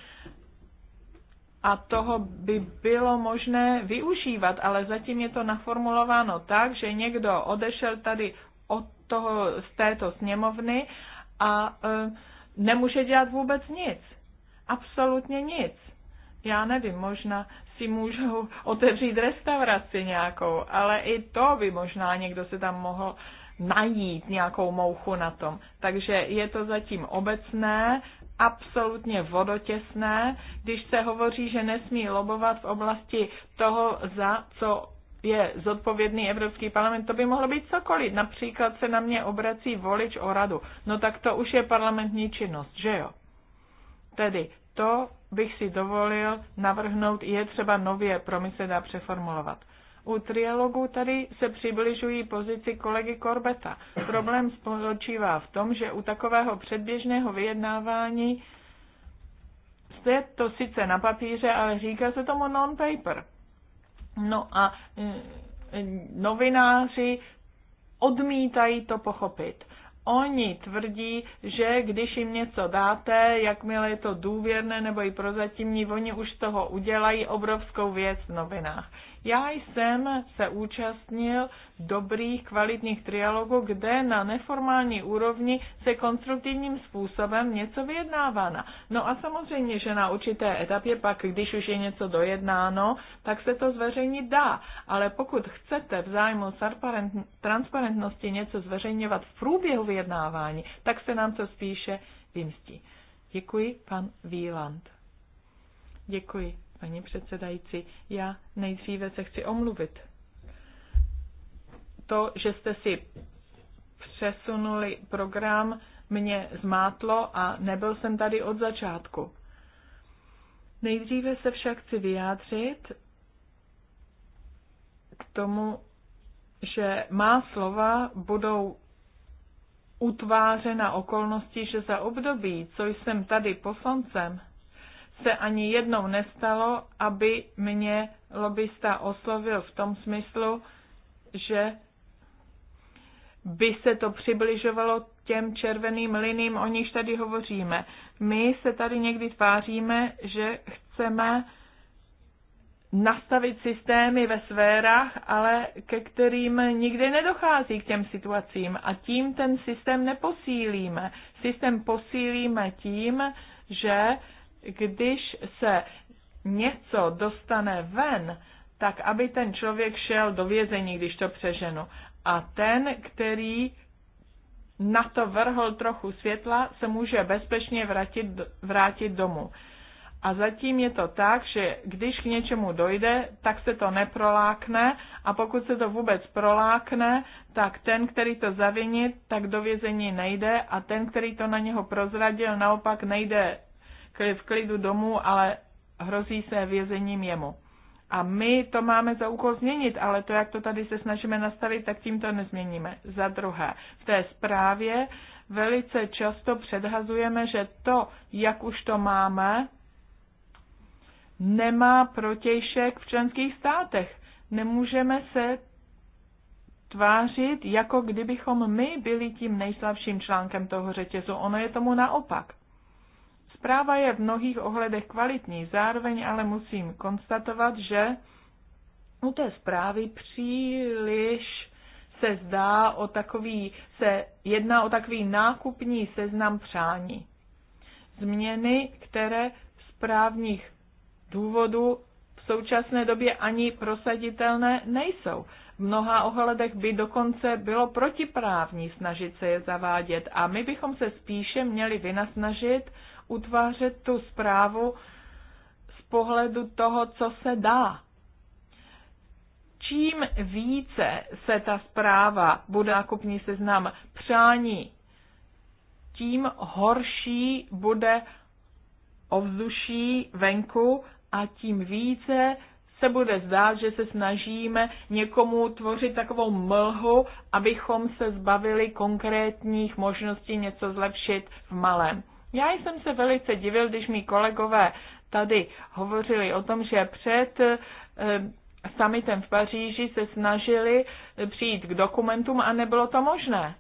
A toho by bylo možné využívat, ale zatím je to naformulováno tak, že někdo odešel tady od toho, z této sněmovny a e, nemůže dělat vůbec nic absolutně nic. Já nevím, možná si můžou otevřít restauraci nějakou, ale i to by možná někdo se tam mohl najít nějakou mouchu na tom. Takže je to zatím obecné, absolutně vodotěsné, když se hovoří, že nesmí lobovat v oblasti toho, za co je zodpovědný Evropský parlament, to by mohlo být cokoliv. Například se na mě obrací volič o radu. No tak to už je parlamentní činnost, že jo? Tedy to bych si dovolil navrhnout, je třeba nově promyslet a přeformulovat. U trialogu tady se přibližují pozici kolegy Korbeta. Problém spočívá v tom, že u takového předběžného vyjednávání je to sice na papíře, ale říká se tomu non-paper. No a e, e, novináři odmítají to pochopit. Oni tvrdí, že když jim něco dáte, jakmile je to důvěrné nebo i prozatímní, oni už z toho udělají obrovskou věc v novinách. Já jsem se účastnil dobrých, kvalitních trialogů, kde na neformální úrovni se konstruktivním způsobem něco vyjednávána. No a samozřejmě, že na určité etapě pak, když už je něco dojednáno, tak se to zveřejnit dá. Ale pokud chcete v zájmu transparentnosti něco zveřejňovat v průběhu vyjednávání, tak se nám to spíše vymstí. Děkuji, pan Víland. Děkuji, paní předsedající. Já nejdříve se chci omluvit. To, že jste si přesunuli program, mě zmátlo a nebyl jsem tady od začátku. Nejdříve se však chci vyjádřit k tomu, že má slova budou utvářena okolností, že za období, co jsem tady poslancem, se ani jednou nestalo, aby mě lobista oslovil v tom smyslu, že by se to přibližovalo těm červeným liním, o nichž tady hovoříme. My se tady někdy tváříme, že chceme nastavit systémy ve sférách, ale ke kterým nikdy nedochází k těm situacím a tím ten systém neposílíme. Systém posílíme tím, že když se něco dostane ven, tak aby ten člověk šel do vězení, když to přeženu. A ten, který na to vrhl trochu světla, se může bezpečně vrátit, vrátit domů. A zatím je to tak, že když k něčemu dojde, tak se to neprolákne a pokud se to vůbec prolákne, tak ten, který to zavinil, tak do vězení nejde a ten, který to na něho prozradil, naopak nejde v klidu domů, ale hrozí se vězením jemu. A my to máme za úkol změnit, ale to, jak to tady se snažíme nastavit, tak tím to nezměníme. Za druhé, v té zprávě velice často předhazujeme, že to, jak už to máme, nemá protějšek v členských státech. Nemůžeme se tvářit, jako kdybychom my byli tím nejslabším článkem toho řetězu. Ono je tomu naopak. Zpráva je v mnohých ohledech kvalitní, zároveň ale musím konstatovat, že u té zprávy příliš se zdá o takový, se jedná o takový nákupní seznam přání. Změny, které správních důvodů v současné době ani prosaditelné nejsou. V mnoha ohledech by dokonce bylo protiprávní snažit se je zavádět a my bychom se spíše měli vynasnažit utvářet tu zprávu z pohledu toho, co se dá. Čím více se ta zpráva bude nákupní seznam přání, tím horší bude ovzduší venku a tím více se bude zdát, že se snažíme někomu tvořit takovou mlhu, abychom se zbavili konkrétních možností něco zlepšit v malém. Já jsem se velice divil, když mi kolegové tady hovořili o tom, že před eh, summitem v Paříži se snažili eh, přijít k dokumentům a nebylo to možné.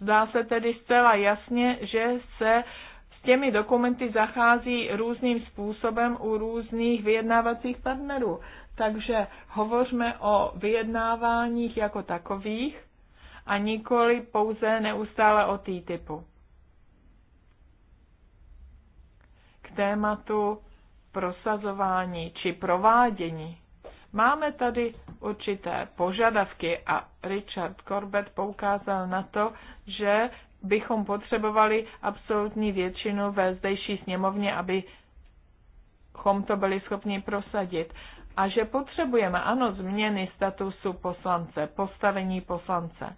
Zdá se tedy zcela jasně, že se těmi dokumenty zachází různým způsobem u různých vyjednávacích partnerů. Takže hovořme o vyjednáváních jako takových a nikoli pouze neustále o typu. K tématu prosazování či provádění. Máme tady určité požadavky a Richard Corbett poukázal na to, že bychom potřebovali absolutní většinu ve zdejší sněmovně, abychom to byli schopni prosadit. A že potřebujeme, ano, změny statusu poslance, postavení poslance.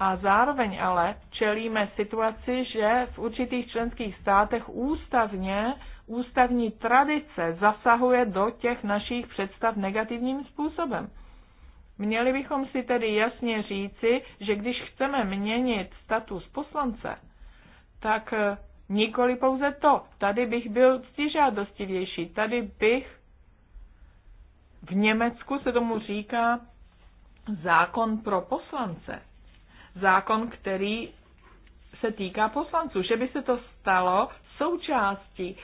A zároveň ale čelíme situaci, že v určitých členských státech ústavně, ústavní tradice zasahuje do těch našich představ negativním způsobem. Měli bychom si tedy jasně říci, že když chceme měnit status poslance, tak eh, nikoli pouze to. Tady bych byl ctižádostivější. Tady bych v Německu se tomu říká zákon pro poslance. Zákon, který se týká poslanců, že by se to stalo součástí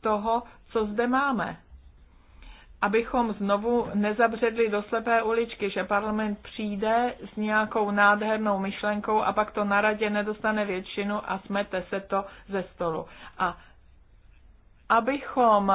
toho, co zde máme abychom znovu nezabředli do slepé uličky, že parlament přijde s nějakou nádhernou myšlenkou a pak to na radě nedostane většinu a smete se to ze stolu. A abychom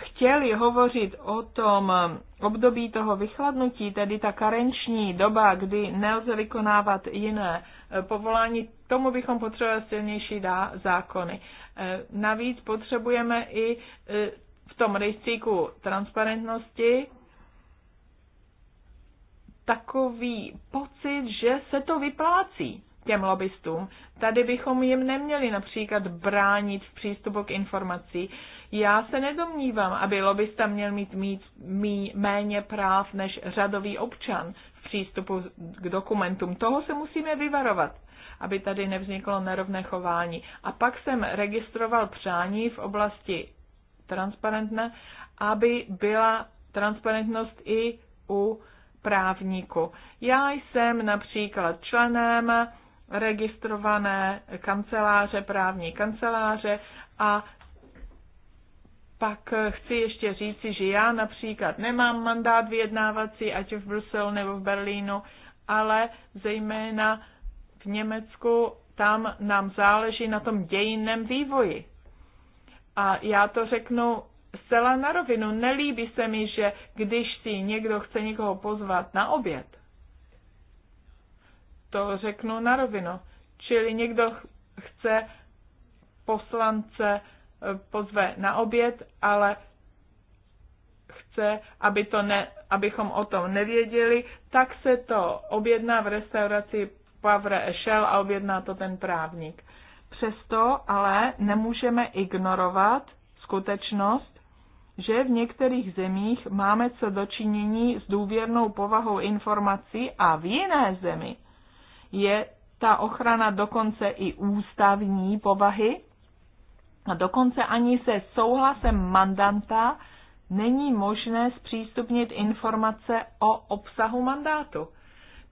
chtěli hovořit o tom období toho vychladnutí, tedy ta karenční doba, kdy nelze vykonávat jiné povolání, tomu bychom potřebovali silnější dá zákony. E, navíc potřebujeme i e, v tom rejstříku transparentnosti takový pocit, že se to vyplácí těm lobbystům. Tady bychom jim neměli například bránit v přístupu k informací. Já se nedomnívám, aby lobbysta měl mít, mít, mý, méně práv než řadový občan v přístupu k dokumentům. Toho se musíme vyvarovat aby tady nevzniklo nerovné chování. A pak jsem registroval přání v oblasti transparentné, aby byla transparentnost i u právníku. Já jsem například členem registrované kanceláře, právní kanceláře a pak chci ještě říci, že já například nemám mandát vyjednávací, ať v Bruselu nebo v Berlínu, ale zejména v Německu tam nám záleží na tom dějinném vývoji. A já to řeknu zcela na rovinu. Nelíbí se mi, že když si někdo chce někoho pozvat na oběd, to řeknu na rovinu. Čili někdo chce poslance eh, pozve na oběd, ale chce, aby to ne, abychom o tom nevěděli, tak se to objedná v restauraci Pavre Echel a objedná to ten právník. Přesto ale nemůžeme ignorovat skutečnost, že v některých zemích máme co dočinění s důvěrnou povahou informací a v jiné zemi je ta ochrana dokonce i ústavní povahy a dokonce ani se souhlasem mandanta není možné zpřístupnit informace o obsahu mandátu.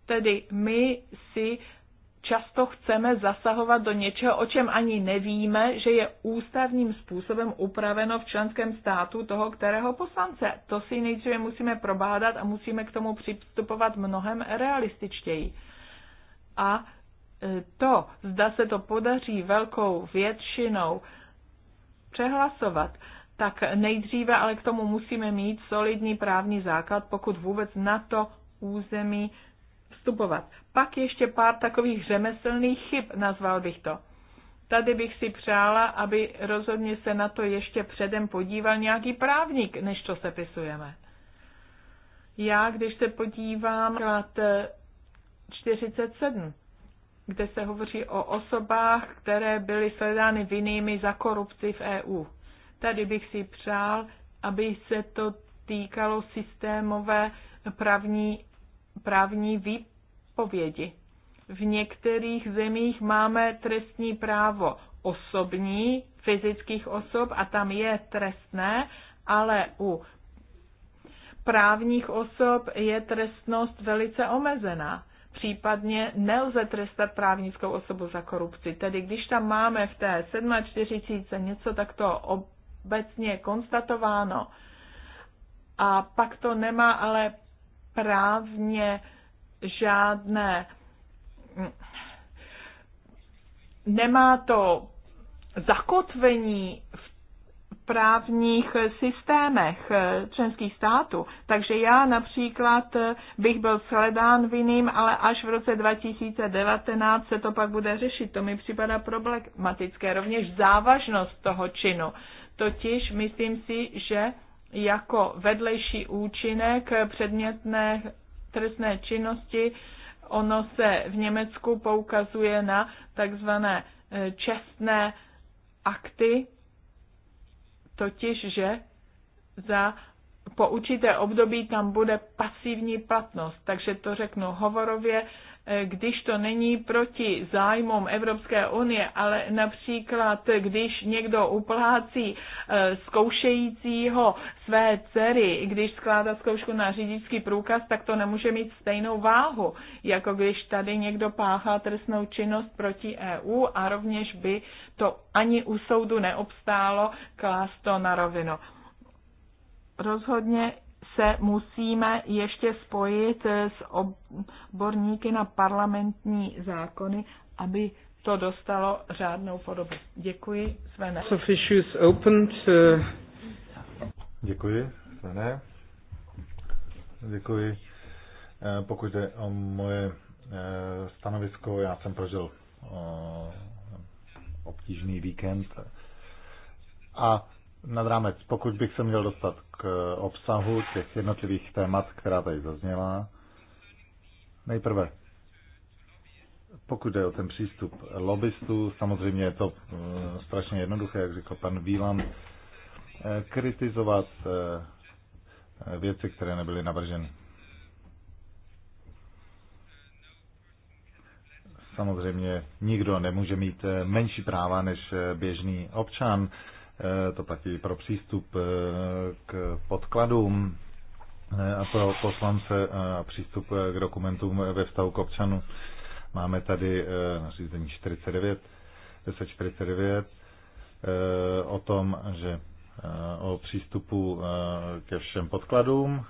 Tedy my si často chceme zasahovat do něčeho, o čem ani nevíme, že je ústavním způsobem upraveno v členském státu toho, kterého poslance. To si nejdříve musíme probádat a musíme k tomu přistupovat mnohem realističtěji. A e, to, zda se to podaří velkou většinou přehlasovat, tak nejdříve ale k tomu musíme mít solidní právní základ, pokud vůbec na to území vstupovat pak ještě pár takových řemeslných chyb, nazval bych to. Tady bych si přála, aby rozhodně se na to ještě předem podíval nějaký právník, než to sepisujeme. Já, když se podívám na 47, kde se hovoří o osobách, které byly sledány vinnými za korupci v EU. Tady bych si přál, aby se to týkalo systémové právní, právní výpočty odpovědi. V některých zemích máme trestní právo osobní, fyzických osob a tam je trestné, ale u právních osob je trestnost velice omezená. Případně nelze trestat právnickou osobu za korupci. Tedy když tam máme v té 47 něco takto obecně konstatováno, a pak to nemá ale právně žádné, nemá to zakotvení v právních systémech členských států. Takže já například bych byl sledán vinným, ale až v roce 2019 se to pak bude řešit. To mi připadá problematické. Rovněž závažnost toho činu. Totiž myslím si, že jako vedlejší účinek předmětné trestné činnosti. Ono se v Německu poukazuje na takzvané e, čestné akty, totiž, že za po určité období tam bude pasivní platnost. Takže to řeknu hovorově, když to není proti zájmům Evropské unie, ale například když někdo uplácí e, zkoušejícího své dcery, když skládá zkoušku na řidičský průkaz, tak to nemůže mít stejnou váhu, jako když tady někdo páchá trestnou činnost proti EU a rovněž by to ani u soudu neobstálo klást to na rovinu. Rozhodně se musíme ještě spojit s odborníky na parlamentní zákony, aby to dostalo řádnou podobu. Děkuji, Svene. Uh, Děkuji, Svene. Děkuji. Eh, pokud jde o moje eh, stanovisko, já jsem prožil eh, obtížný víkend a nad rámec, pokud bych se měl dostat k obsahu těch jednotlivých témat, která tady zazněla, nejprve, pokud jde o ten přístup lobbystů, samozřejmě je to eh, strašně jednoduché, jak řekl pan Vílan, eh, kritizovat eh, věci, které nebyly navrženy. Samozřejmě nikdo nemůže mít menší práva než běžný občan. Eh, to platí pro přístup eh, k podkladům eh, a pro poslance a přístup k dokumentům ve vztahu k občanu. Máme tady nařízení 49, 1049 o tom, že o přístupu ke všem podkladům,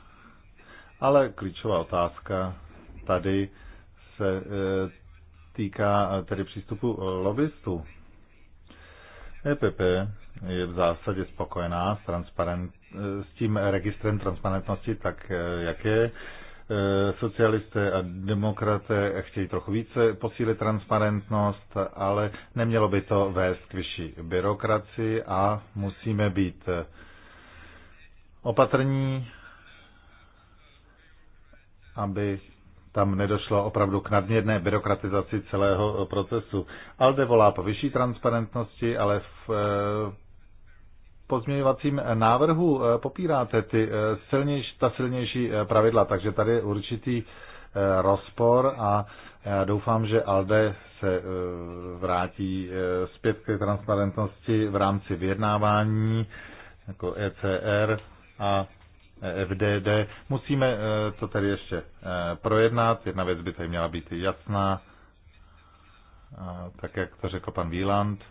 ale klíčová otázka tady se týká tedy přístupu lobbystů EPP je v zásadě spokojená s, transparent, s tím registrem transparentnosti, tak eh, jak je. Eh, socialisté a demokraté chtějí trochu více posílit transparentnost, ale nemělo by to vést k vyšší byrokracii a musíme být eh, opatrní, aby tam nedošlo opravdu k nadměrné byrokratizaci celého eh, procesu. ALDE volá po vyšší transparentnosti, ale v eh, pozměňovacím návrhu eh, popíráte ty silnější, ta silnější pravidla, takže tady je určitý rozpor a já doufám, že ALDE se vrátí zpět k transparentnosti v rámci vyjednávání jako ECR a E FDD. Musíme e, to tedy ještě e, projednat. Jedna věc by tady měla být jasná, tak jak to řekl pan Wieland.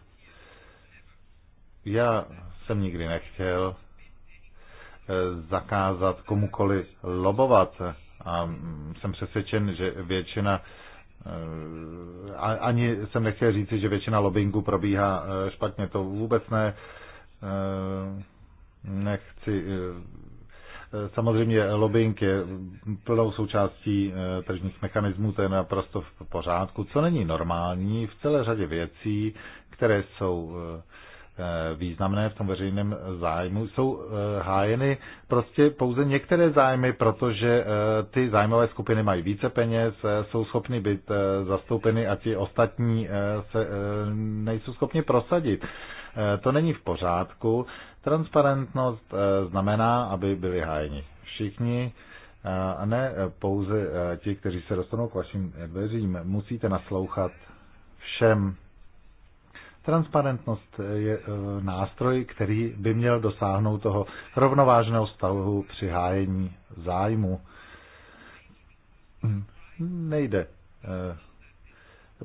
Já jsem nikdy nechtěl zakázat komukoli lobovat. A jsem přesvědčen, že většina ani jsem nechtěl říci, že většina lobbyingu probíhá špatně, to vůbec ne. Nechci Samozřejmě lobbying je plnou součástí eh, tržních mechanismů, to je naprosto v pořádku. Co není normální v celé řadě věcí, které jsou eh, eh, významné v tom veřejném zájmu, jsou hájeny prostě pouze některé zájmy, protože ty zájmové skupiny mají více peněz, jsou schopny být zastoupeny a ti ostatní se nejsou schopni prosadit. To není v pořádku. Transparentnost eh, znamená, aby byli hájeni všichni, eh, a ne eh, pouze ti, kteří se dostanou k vašim dveřím. Musíte naslouchat všem. Transparentnost je nástroj, který by měl dosáhnout toho rovnovážného stavu při hájení zájmu. Nejde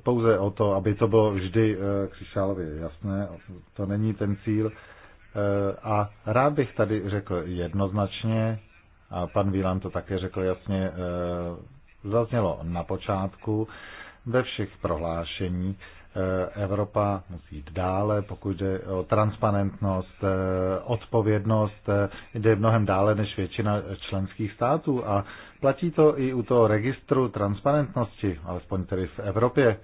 pouze o to, aby to bylo vždy křišálově jasné, to není ten cíl. Eh, a rád bych tady řekl jednoznačně, a pan Vílan to také řekl jasně, eh, zaznělo na počátku, ve všech prohlášení eh, Evropa musí jít dále, pokud jde o transparentnost, odpovědnost, jde mnohem dále než většina členských států a platí to i u toho registru transparentnosti, alespoň tedy v Evropě.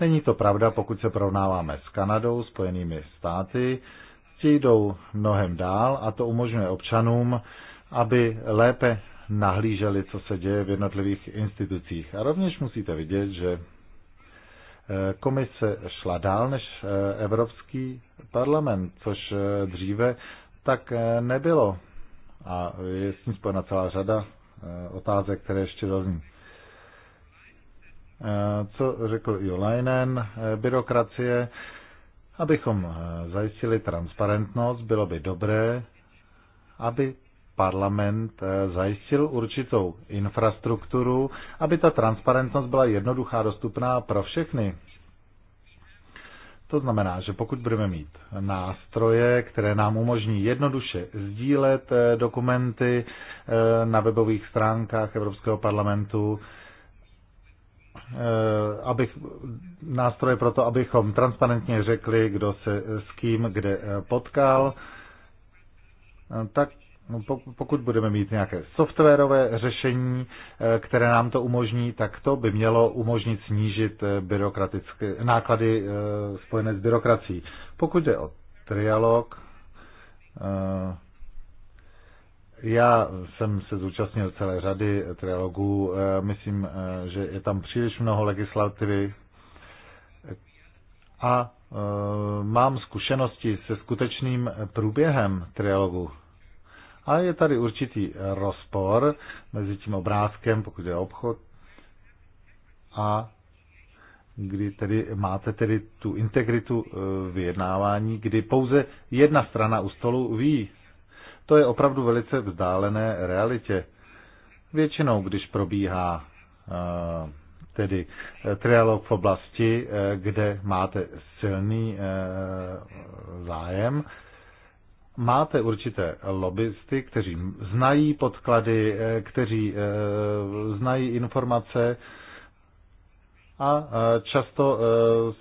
Není to pravda, pokud se porovnáváme s Kanadou, Spojenými státy, ti jdou mnohem dál a to umožňuje občanům, aby lépe nahlíželi, co se děje v jednotlivých institucích. A rovněž musíte vidět, že eh, komise šla dál než eh, Evropský parlament, což eh, dříve tak nebylo. A je s tím spojena celá řada otázek, které ještě zazní. Co řekl Jolainen, byrokracie Abychom eh, zajistili transparentnost, bylo by dobré, aby parlament eh, zajistil určitou infrastrukturu, aby ta transparentnost byla jednoduchá, dostupná pro všechny. To znamená, že pokud budeme mít nástroje, které nám umožní jednoduše sdílet eh, dokumenty na webových stránkách Evropského parlamentu, Eh, abych, nástroje pro to, abychom transparentně řekli, kdo se s kým kde eh, potkal, eh, tak no, pokud budeme mít nějaké softwarové řešení, které nám to umožní, tak to by mělo umožnit snížit byrokratické náklady spojené s byrokracií. Pokud jde o trialog, já jsem se zúčastnil celé řady trialogů. Eh, myslím, eh, že je tam příliš mnoho legislativy a eh, mám zkušenosti se skutečným průběhem trialogu. A je tady určitý rozpor mezi tím obrázkem, pokud je obchod, a kdy tedy máte tedy tu integritu vyjednávání, kdy pouze jedna strana u stolu ví, to je opravdu velice vzdálené realitě. Většinou, když probíhá eh, tedy eh, trialog v oblasti, eh, kde máte silný zájem, máte určité lobbysty, kteří znají podklady, kteří znají informace, a často e,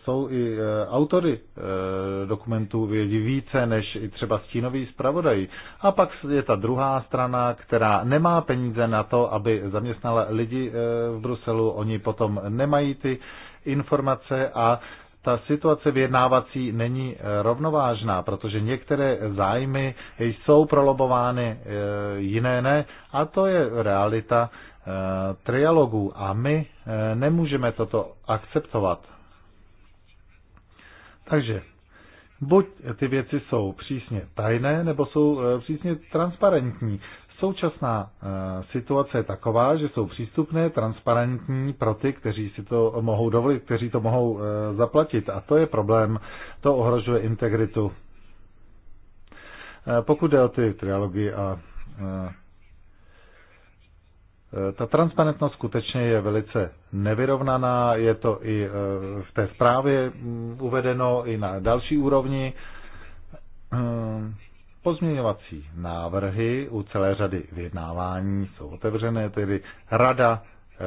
jsou i e, autory e, dokumentů vědí více než i třeba stínový zpravodají. A pak je ta druhá strana, která nemá peníze na to, aby zaměstnala lidi v Bruselu, oni potom nemají ty informace a ta situace vyjednávací není rovnovážná, protože některé zájmy jsou prolobovány, jiné ne, a to je realita Eh, trialogů a my eh, nemůžeme toto akceptovat. Takže buď ty věci jsou přísně tajné, nebo jsou eh, přísně transparentní. Současná situace je taková, že jsou přístupné, transparentní pro ty, kteří si to mohou dovolit, kteří to mohou zaplatit. A to je problém, to ohrožuje integritu. Pokud jde o ty trialogy a ta transparentnost skutečně je velice nevyrovnaná, je to i eh, v té zprávě mm, uvedeno i na další úrovni. Eh, pozměňovací návrhy u celé řady vyjednávání jsou otevřené, tedy rada eh,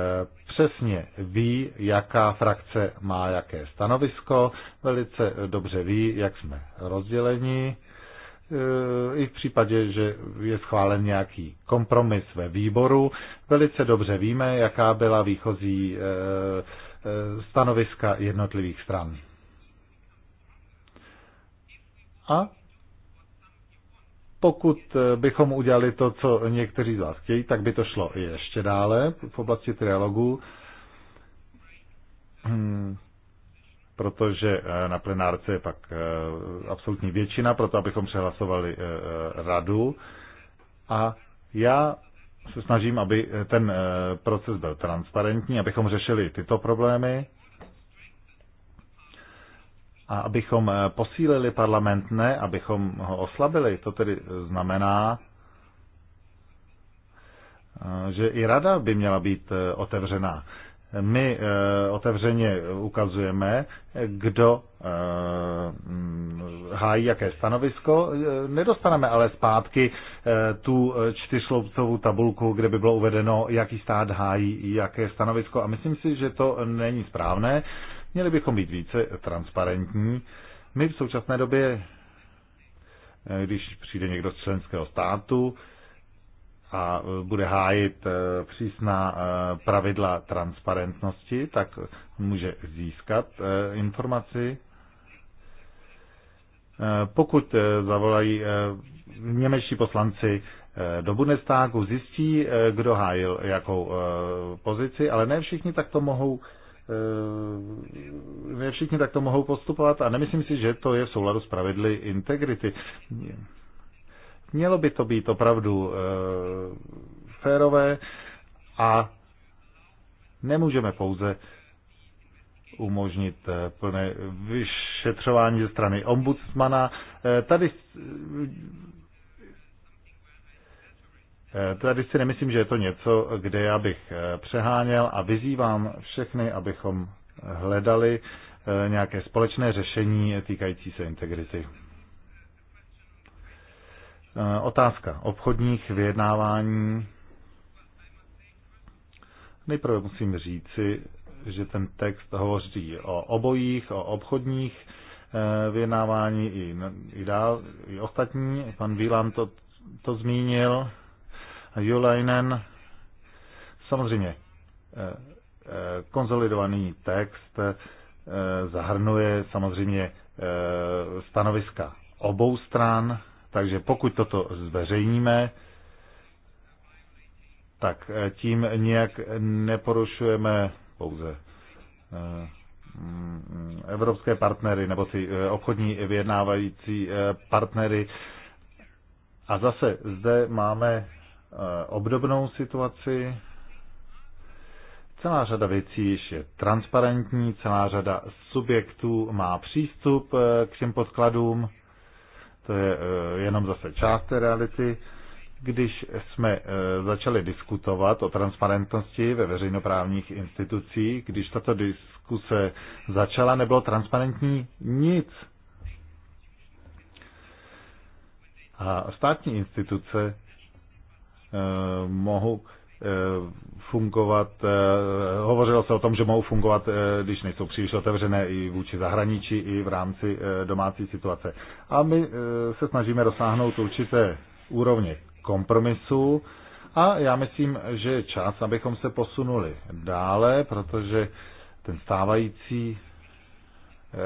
přesně ví, jaká frakce má jaké stanovisko, velice dobře ví, jak jsme rozděleni E, i v případě, že je schválen nějaký kompromis ve výboru, velice dobře víme, jaká byla výchozí e, e, stanoviska jednotlivých stran. A pokud bychom udělali to, co někteří z vás chtějí, tak by to šlo i ještě dále v oblasti trialogu. Hmm protože eh, na plenárce je pak eh, absolutní většina, proto abychom přehlasovali eh, radu. A já se snažím, aby ten proces byl transparentní, abychom řešili tyto problémy a abychom posílili parlament, ne abychom ho oslabili. To tedy znamená, že i rada by měla být otevřená my eh, otevřeně ukazujeme, kdo eh, hájí jaké stanovisko. Eh, nedostaneme ale zpátky tu čtyřsloupcovou tabulku, kde by bylo uvedeno, jaký stát hájí jaké stanovisko. A myslím si, že to není správné. Měli bychom být více transparentní. My v současné době, když přijde někdo z členského státu, a e, bude hájit e, přísná e, pravidla transparentnosti, tak může získat informaci. Pokud zavolají němečtí poslanci do Bundestagu, zjistí, kdo hájil jakou pozici, ale ne všichni tak to mohou ne všichni tak to mohou postupovat a nemyslím si, že to je v souladu s pravidly integrity. Mělo by to být opravdu e, férové a nemůžeme pouze umožnit eh, plné vyšetřování ze strany ombudsmana. Eh, tady, tady si nemyslím, že je to něco, kde já bych přeháněl a vyzývám všechny, abychom hledali nějaké společné řešení týkající se integrity. Eh, otázka obchodních vyjednávání. Nejprve musím říci, že ten text hovoří o obojích, o obchodních eh, vyjednávání i, i, dál, i ostatní. Pan Vílan to, to zmínil. Julainen. Samozřejmě, eh, konzolidovaný text zahrnuje samozřejmě stanoviska obou stran takže pokud toto zveřejníme, tak eh, tím nějak neporušujeme pouze eh, mm, evropské partnery nebo ty eh, obchodní vyjednávající partnery. A zase zde máme obdobnou situaci. Celá řada věcí již je transparentní, celá řada subjektů má přístup k těm podkladům to je eh, jenom zase část té reality. Když jsme eh, začali diskutovat o transparentnosti ve veřejnoprávních institucích, když tato diskuse začala, nebylo transparentní nic. A státní instituce eh, mohou Eh, fungovat, eh, hovořilo se o tom, že mohou fungovat, eh, když nejsou příliš otevřené i vůči zahraničí, i v rámci domácí situace. A my se snažíme dosáhnout určité úrovně kompromisu a já myslím, že je čas, abychom se posunuli dále, protože ten stávající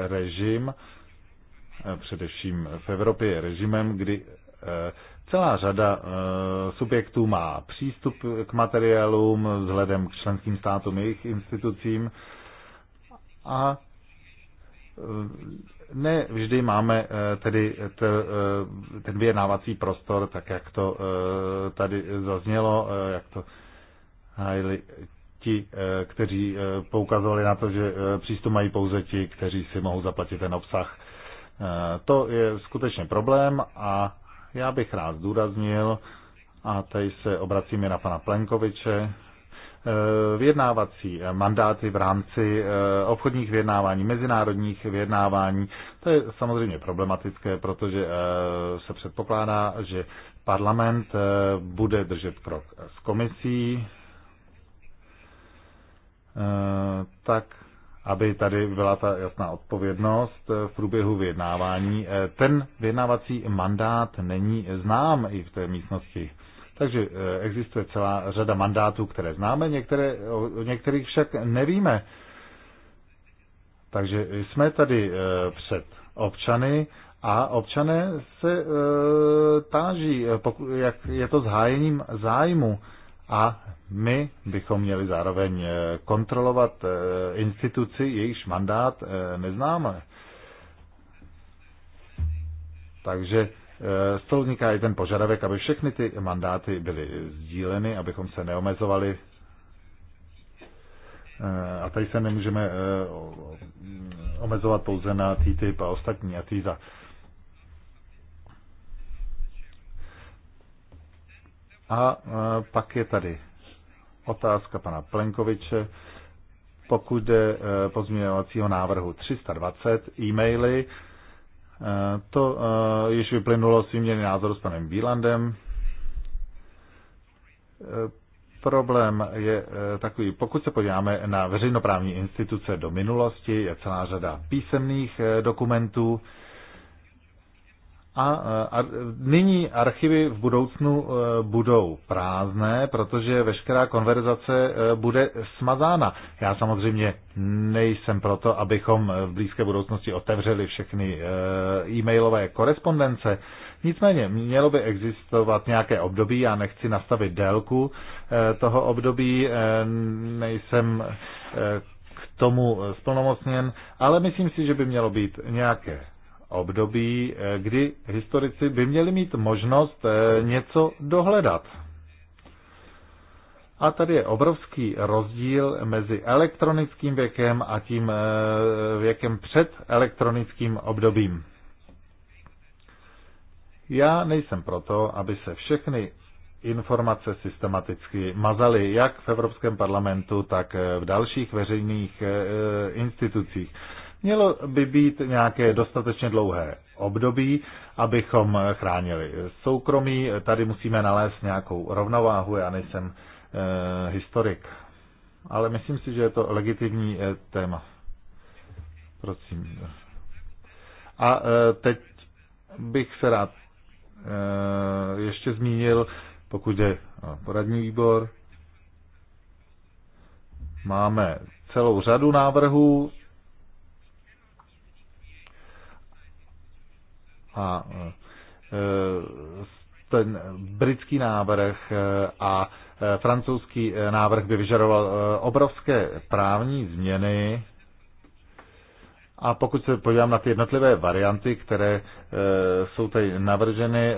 režim, především v Evropě, je režimem, kdy Celá řada eh, subjektů má přístup k materiálům vzhledem k členským státům, jejich institucím a eh, ne vždy máme eh, tedy ten vyjednávací prostor, tak jak to tady zaznělo, jak to hájili ti, kteří poukazovali na to, že přístup mají pouze ti, kteří si mohou zaplatit ten obsah. To je skutečně problém a já bych rád zdůraznil, a tady se obracíme na pana Plenkoviče, eh, vyjednávací mandáty v rámci eh, obchodních vyjednávání, mezinárodních vyjednávání. To je samozřejmě problematické, protože eh, se předpokládá, že parlament bude držet krok s komisí, tak aby tady byla ta jasná odpovědnost eh, v průběhu vyjednávání. Eh, ten vyjednávací mandát není znám i v té místnosti. Takže eh, existuje celá řada mandátů, které známe, některé, o některých však nevíme. Takže jsme tady před občany a občané se táží, jak je to s hájením zájmu a my bychom měli zároveň eh, kontrolovat eh, instituci, jejíž mandát eh, neznáme. Takže z toho vzniká i ten požadavek, aby všechny ty mandáty byly sdíleny, abychom se neomezovali. A tady se nemůžeme omezovat pouze na TTIP a ostatní a TISA. A e, pak je tady otázka pana Plenkoviče. Pokud jde e, pozměňovacího návrhu 320 e-maily, e, to již vyplynulo s výměny s panem Bílandem. Problém je takový, pokud se podíváme na veřejnoprávní instituce do minulosti, je celá řada písemných dokumentů, a, e, a nyní archivy v budoucnu e, budou prázdné, protože veškerá konverzace e, bude smazána. Já samozřejmě nejsem proto, abychom v blízké budoucnosti otevřeli všechny e-mailové korespondence. Nicméně mělo by existovat nějaké období, já nechci nastavit délku toho období, nejsem k tomu splnomocněn, ale myslím si, že by mělo být nějaké období, eh, kdy historici by měli mít možnost eh, něco dohledat. A tady je obrovský rozdíl mezi elektronickým věkem a tím eh, věkem před elektronickým obdobím. Já nejsem proto, aby se všechny informace systematicky mazaly jak v Evropském parlamentu, tak v dalších veřejných institucích. Mělo by být nějaké dostatečně dlouhé období, abychom chránili soukromí. Tady musíme nalézt nějakou rovnováhu, já nejsem e, historik. Ale myslím si, že je to legitimní e, téma. Prosím. A e, teď bych se rád e, ještě zmínil, pokud je poradní výbor, máme celou řadu návrhů, a mm, e, ten britský návrh e, a e, francouzský návrh by vyžadoval obrovské právní změny. A pokud se podívám na ty jednotlivé varianty, které jsou tady navrženy,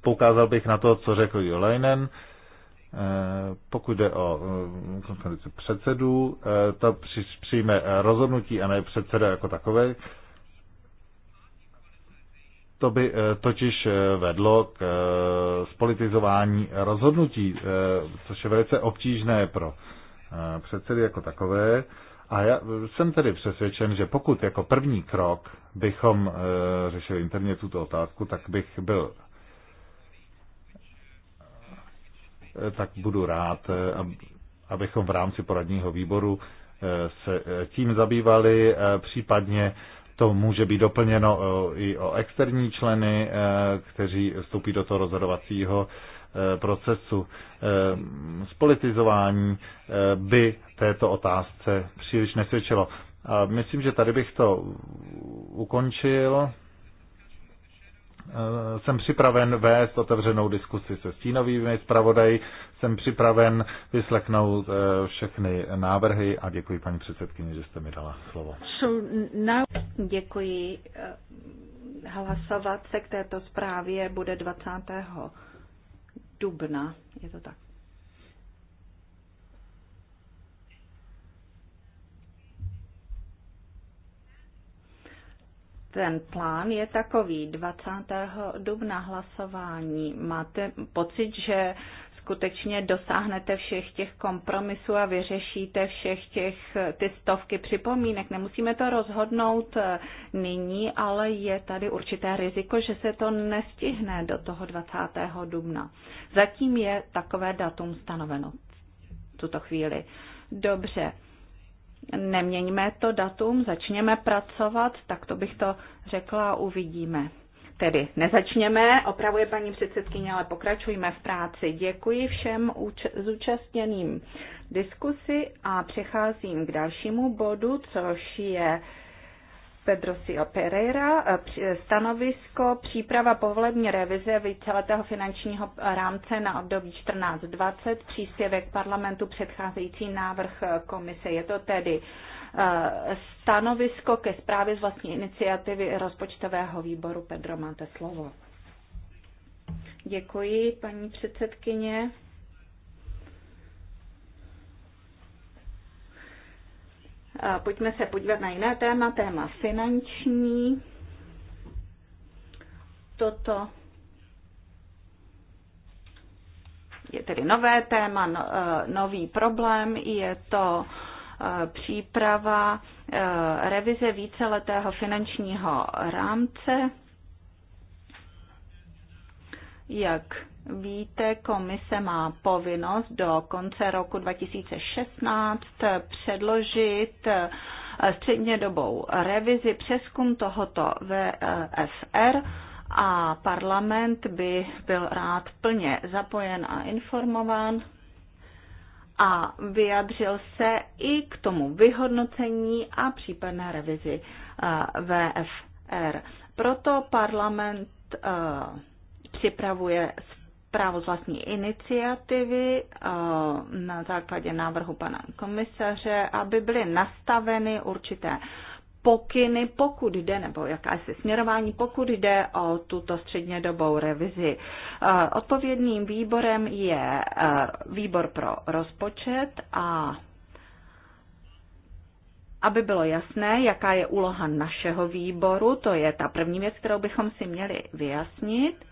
poukázal bych na to, co řekl Jolajnen. Pokud jde o konferenci předsedů, přijme rozhodnutí a ne předseda jako takové. To by eh, totiž eh, vedlo k eh, spolitizování rozhodnutí, což je velice obtížné pro předsedy jako takové. A já jsem tedy přesvědčen, že pokud jako první krok bychom řešili interně tuto otázku, tak bych byl tak budu rád, abychom v rámci poradního výboru se tím zabývali, případně to může být doplněno eh, i o externí členy, eh, kteří vstoupí do toho rozhodovacího eh, procesu. Spolitizování by této otázce příliš nesvědčilo. A myslím, že tady bych to ukončil. Eh, jsem připraven vést otevřenou diskusi se stínovými zpravodaji, jsem připraven vyslechnout eh, všechny návrhy a děkuji paní předsedkyni, že jste mi dala slovo. So now... Děkuji. Eh, hlasovat se k této zprávě bude 20. dubna. Je to tak. ten plán je takový 20. dubna hlasování. Máte pocit, že skutečně dosáhnete všech těch kompromisů a vyřešíte všech těch ty stovky připomínek. Nemusíme to rozhodnout eh, nyní, ale je tady určité riziko, že se to nestihne do toho 20. dubna. Zatím je takové datum stanoveno v tuto chvíli. Dobře neměňme to datum, začněme pracovat, tak to bych to řekla a uvidíme. Tedy nezačněme, opravuje paní předsedkyně, ale pokračujme v práci. Děkuji všem zúčastněným diskusi a přecházím k dalšímu bodu, což je Pedro Sio Pereira, e, stanovisko příprava povolební revize víceletého finančního rámce na období 14-20, příspěvek parlamentu předcházející návrh e, komise. Je to tedy e, stanovisko ke zprávě z vlastní iniciativy rozpočtového výboru. Pedro, máte slovo. Děkuji, paní předsedkyně. Pojďme se podívat na jiné téma, téma finanční. Toto je tedy nové téma, no, e, nový problém, je to e, příprava e, revize víceletého finančního rámce, jak víte, komise má povinnost do konce roku 2016 předložit střednědobou revizi přeskum tohoto VFR a parlament by byl rád plně zapojen a informován a vyjadřil se i k tomu vyhodnocení a případné revizi eh, VFR. Proto parlament eh, připravuje právo z vlastní iniciativy eh, na základě návrhu pana komisaře, aby byly nastaveny určité pokyny, pokud jde, nebo jakési směrování, pokud jde o tuto střednědobou revizi. Eh, odpovědným výborem je eh, výbor pro rozpočet a aby bylo jasné, jaká je úloha našeho výboru, to je ta první věc, kterou bychom si měli vyjasnit.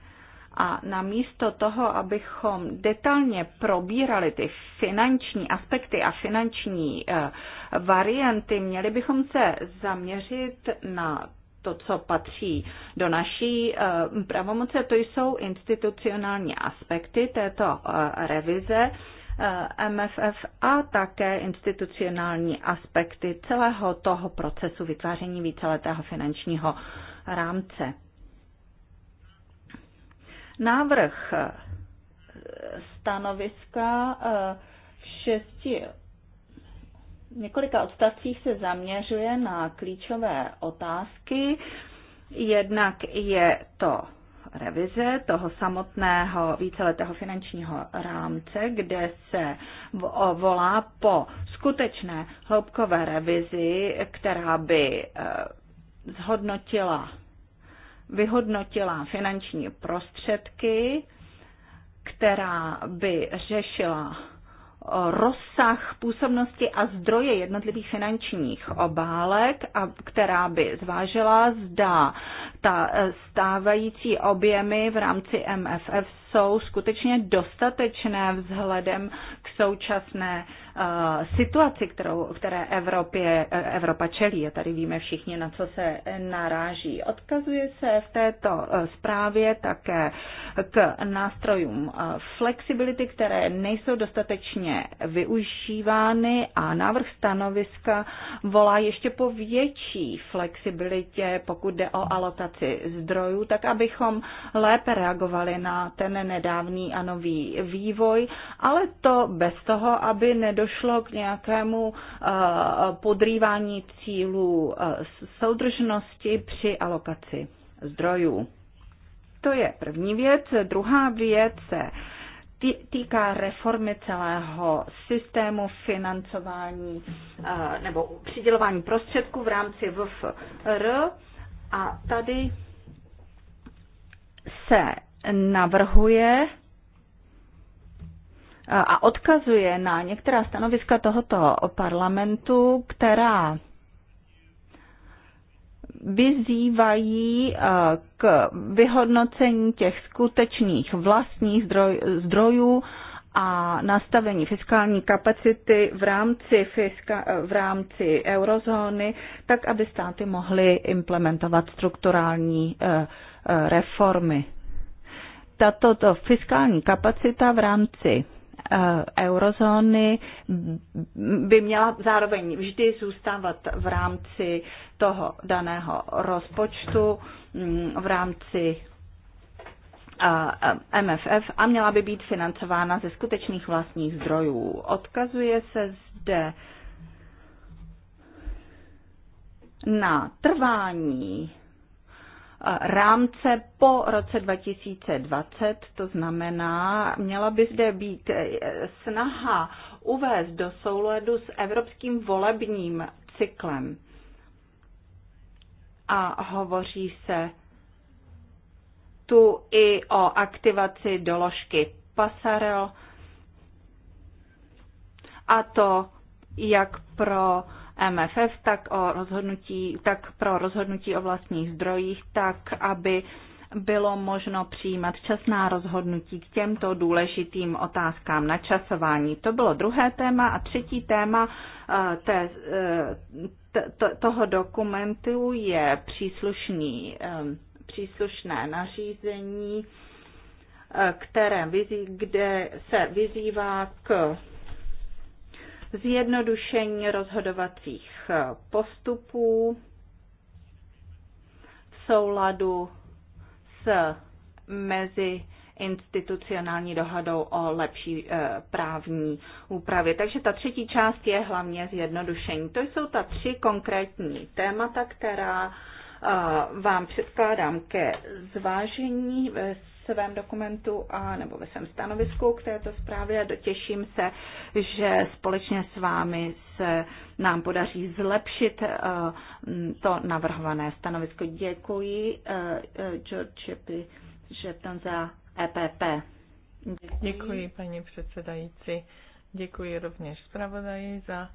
A namísto toho, abychom detailně probírali ty finanční aspekty a finanční eh, varianty, měli bychom se zaměřit na to, co patří do naší eh, pravomoce, to jsou institucionální aspekty této eh, revize. MFF a také institucionální aspekty celého toho procesu vytváření víceletého finančního rámce. Návrh eh, stanoviska eh, v šesti několika odstavcích se zaměřuje na klíčové otázky. Jednak je to revize toho samotného víceletého finančního rámce, kde se volá po skutečné hloubkové revizi, která by eh, zhodnotila vyhodnotila finanční prostředky, která by řešila rozsah působnosti a zdroje jednotlivých finančních obálek, a která by zvážila, zda ta e, stávající objemy v rámci MFF jsou skutečně dostatečné vzhledem k současné Eh, situaci, kterou, které Evropě, eh, Evropa čelí. A tady víme všichni, na co se naráží. Odkazuje se v této eh, zprávě také k nástrojům flexibility, které nejsou dostatečně využívány a návrh stanoviska volá ještě po větší flexibilitě, pokud jde o alokaci zdrojů, tak abychom lépe reagovali na ten nedávný a nový vývoj, ale to bez toho, aby nedošlo došlo k nějakému eh, podrývání cílů eh, soudržnosti při alokaci zdrojů. To je první věc. Druhá věc se týká reformy celého systému financování eh, nebo přidělování prostředků v rámci VFR a tady se navrhuje a odkazuje na některá stanoviska tohoto parlamentu, která vyzývají k vyhodnocení těch skutečných vlastních zdrojů a nastavení fiskální kapacity v rámci, fiska, v rámci eurozóny, tak aby státy mohly implementovat strukturální e, e, reformy. Tato fiskální kapacita v rámci Eh, eurozóny by měla zároveň vždy zůstávat v rámci toho daného rozpočtu, mm, v rámci eh, MFF a měla by být financována ze skutečných vlastních zdrojů. Odkazuje se zde na trvání Eh, rámce po roce 2020, to znamená, měla by zde být eh, snaha uvést do souladu s evropským volebním cyklem. A hovoří se tu i o aktivaci doložky Passarel, a to jak pro MFF, tak, o rozhodnutí, tak pro rozhodnutí o vlastních zdrojích, tak aby bylo možno přijímat časná rozhodnutí k těmto důležitým otázkám na časování. To bylo druhé téma a třetí téma eh, té, eh, toho dokumentu je příslušný, eh, příslušné nařízení, které, kde se vyzývá k zjednodušení rozhodovacích eh, postupů v souladu s mezi institucionální dohodou o lepší e, právní úpravě. Takže ta třetí část je hlavně zjednodušení. To jsou ta tři konkrétní témata, která e, vám předkládám ke zvážení. ve svém dokumentu a, nebo ve svém stanovisku k této zprávě a dotěším se, že společně s vámi se nám podaří zlepšit eh, to navrhované stanovisko. Děkuji eh, eh, George tam za EPP. Děkuji. Děkuji, paní předsedající. Děkuji rovněž zpravodaji za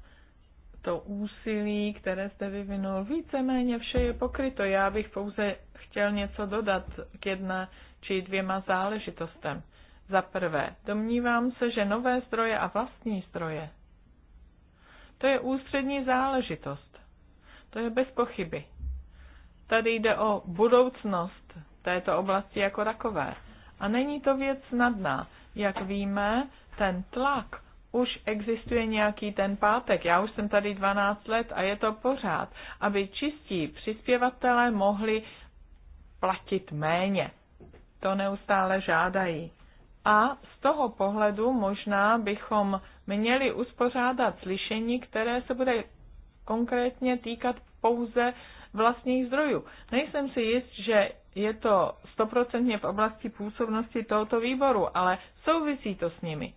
to úsilí, které jste vyvinul. Víceméně vše je pokryto. Já bych pouze chtěl něco dodat k jedné či dvěma záležitostem. Za prvé, domnívám se, že nové zdroje a vlastní zdroje, to je ústřední záležitost. To je bez pochyby. Tady jde o budoucnost této oblasti jako takové. A není to věc snadná. Jak víme, ten tlak už existuje nějaký ten pátek. Já už jsem tady 12 let a je to pořád, aby čistí přispěvatelé mohli platit méně to neustále žádají. A z toho pohledu možná bychom měli uspořádat slyšení, které se bude konkrétně týkat pouze vlastních zdrojů. Nejsem si jist, že je to stoprocentně v oblasti působnosti tohoto výboru, ale souvisí to s nimi.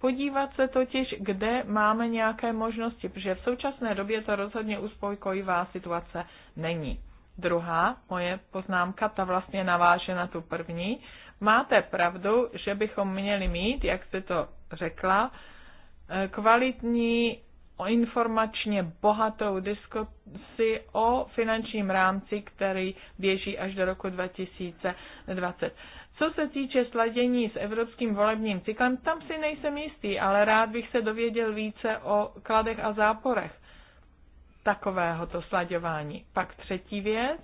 Podívat se totiž, kde máme nějaké možnosti, protože v současné době to rozhodně uspokojivá situace není. Druhá moje poznámka, ta vlastně naváže na tu první. Máte pravdu, že bychom měli mít, jak jste to řekla, eh, kvalitní informačně bohatou diskusi o finančním rámci, který běží až do roku 2020. Co se týče sladění s evropským volebním cyklem, tam si nejsem jistý, ale rád bych se dověděl více o kladech a záporech takovéhoto slaďování. Pak třetí věc,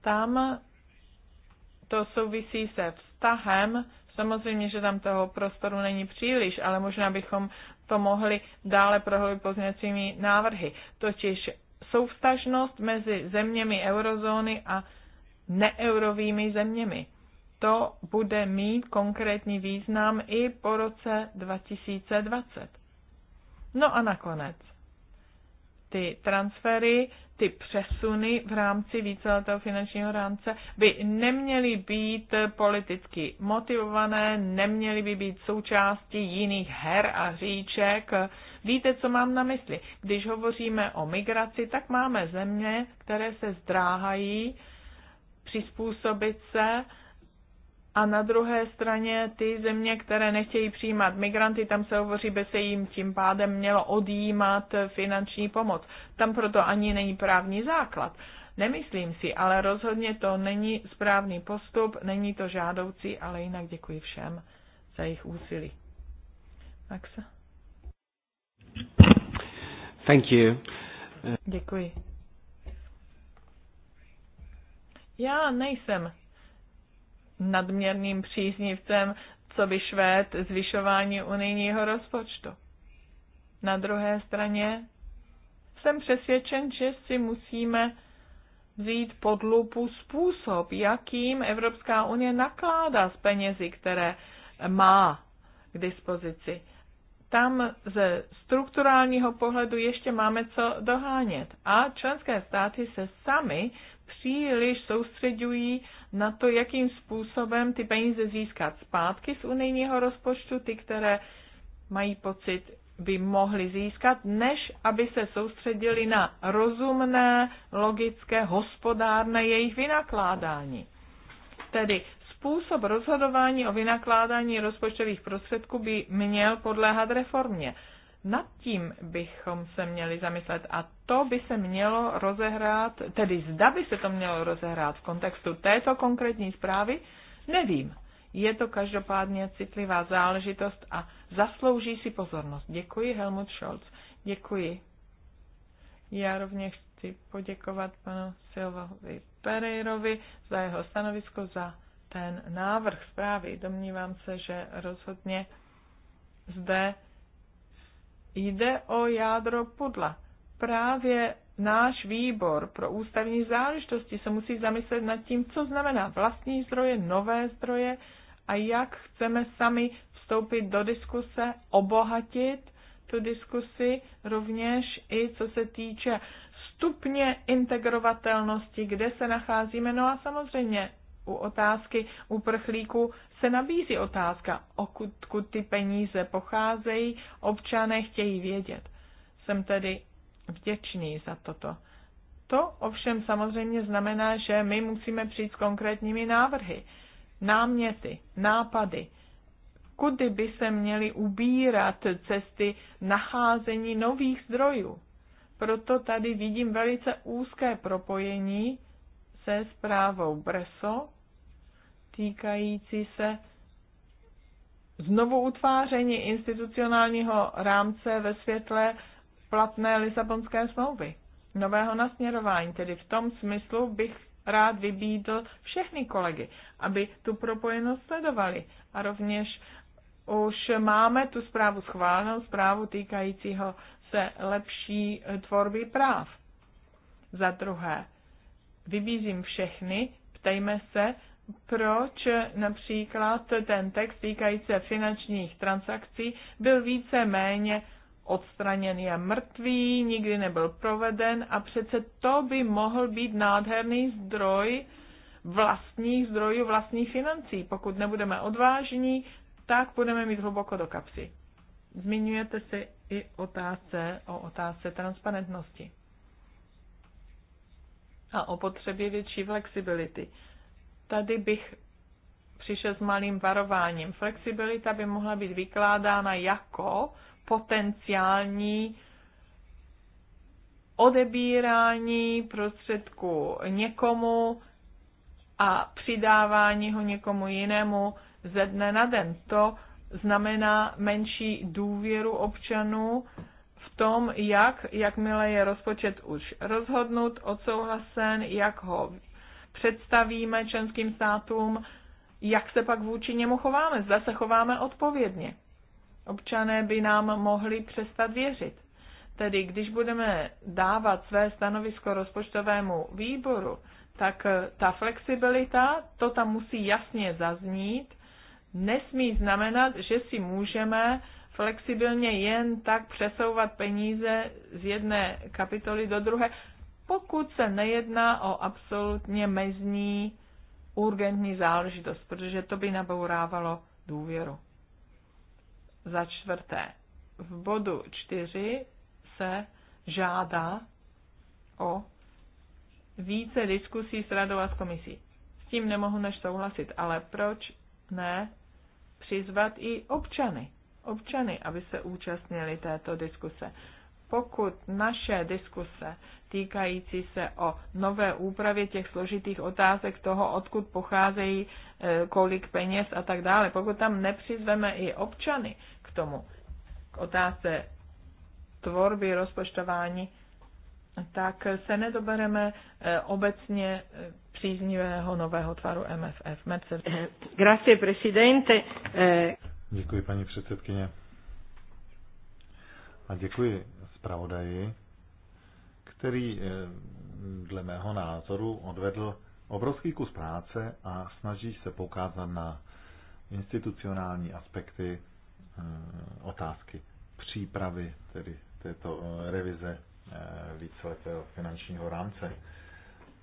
tam to souvisí se vztahem, samozřejmě, že tam toho prostoru není příliš, ale možná bychom to mohli dále prohlubit pozměňovacími návrhy, totiž souvstažnost mezi zeměmi eurozóny a neeurovými zeměmi. To bude mít konkrétní význam i po roce 2020. No a nakonec ty transfery, ty přesuny v rámci víceletého finančního rámce by neměly být politicky motivované, neměly by být součástí jiných her a říček. Víte, co mám na mysli? Když hovoříme o migraci, tak máme země, které se zdráhají přizpůsobit se a na druhé straně ty země, které nechtějí přijímat migranty, tam se hovoří, by se jim tím pádem mělo odjímat finanční pomoc. Tam proto ani není právní základ. Nemyslím si, ale rozhodně to není správný postup, není to žádoucí, ale jinak děkuji všem za jejich úsilí. Maxa? Thank you. Děkuji. Já nejsem nadměrným příznivcem, co by Švéd zvyšování unijního rozpočtu. Na druhé straně jsem přesvědčen, že si musíme vzít pod lupu způsob, jakým Evropská unie nakládá s penězi, které má k dispozici. Tam ze strukturálního pohledu ještě máme co dohánět a členské státy se sami příliš soustředují na to, jakým způsobem ty peníze získat zpátky z unijního rozpočtu, ty, které mají pocit, by mohli získat, než aby se soustředili na rozumné, logické, hospodárné jejich vynakládání. Tedy způsob rozhodování o vynakládání rozpočtových prostředků by měl podléhat reformě. Nad tím bychom se měli zamyslet a to by se mělo rozehrát, tedy zda by se to mělo rozehrát v kontextu této konkrétní zprávy, nevím. Je to každopádně citlivá záležitost a zaslouží si pozornost. Děkuji, Helmut Scholz. Děkuji. Já rovněž chci poděkovat panu Silvovi Pereirovi za jeho stanovisko, za ten návrh zprávy. Domnívám se, že rozhodně zde jde o jádro podla. Právě náš výbor pro ústavní záležitosti se musí zamyslet nad tím, co znamená vlastní zdroje, nové zdroje a jak chceme sami vstoupit do diskuse, obohatit tu diskusi rovněž i co se týče stupně integrovatelnosti, kde se nacházíme. No a samozřejmě u otázky uprchlíků se nabízí otázka, odkud ty peníze pocházejí, občané chtějí vědět. Jsem tedy vděčný za toto. To ovšem samozřejmě znamená, že my musíme přijít s konkrétními návrhy, náměty, nápady, kudy by se měly ubírat cesty nacházení nových zdrojů. Proto tady vidím velice úzké propojení se zprávou Breso týkající se znovu utváření institucionálního rámce ve světle platné Lisabonské smlouvy. Nového nasměrování, tedy v tom smyslu bych rád vybídl všechny kolegy, aby tu propojenost sledovali. A rovněž už máme tu zprávu schválenou, zprávu týkajícího se lepší tvorby práv. Za druhé, vybízím všechny, ptejme se, proč například ten text týkající se finančních transakcí byl více-méně odstraněn je mrtvý, nikdy nebyl proveden a přece to by mohl být nádherný zdroj vlastních zdrojů, vlastních financí. Pokud nebudeme odvážní, tak budeme mít hluboko do kapsy. Zmiňujete se i otázce o otázce transparentnosti a o potřebě větší flexibility. Tady bych přišel s malým varováním. Flexibilita by mohla být vykládána jako potenciální odebírání prostředku někomu a přidávání ho někomu jinému ze dne na den. To znamená menší důvěru občanů v tom, jak, jakmile je rozpočet už rozhodnut, odsouhlasen, jak ho představíme členským státům, jak se pak vůči němu chováme, zda se chováme odpovědně. Občané by nám mohli přestat věřit. Tedy když budeme dávat své stanovisko rozpočtovému výboru, tak eh, ta flexibilita, to tam musí jasně zaznít, nesmí znamenat, že si můžeme flexibilně jen tak přesouvat peníze z jedné kapitoly do druhé, pokud se nejedná o absolutně mezní urgentní záležitost, protože to by nabourávalo důvěru. Za čtvrté, v bodu čtyři se žádá o více diskusí s radou a s komisí. S tím nemohu než souhlasit, ale proč ne přizvat i občany, občany, aby se účastnili této diskuse pokud naše diskuse týkající se o nové úpravě těch složitých otázek toho, odkud pocházejí, e, kolik peněz a tak dále, pokud tam nepřizveme i občany k tomu, k otázce tvorby rozpočtování, tak se nedobereme e, obecně e, příznivého nového tvaru MFF. Grazie, presidente. Děkuji, paní předsedkyně. A děkuji zpravodaji, který eh, dle mého názoru odvedl obrovský kus práce a snaží se poukázat na institucionální aspekty eh, otázky přípravy tedy této eh, revize víceletého finančního rámce.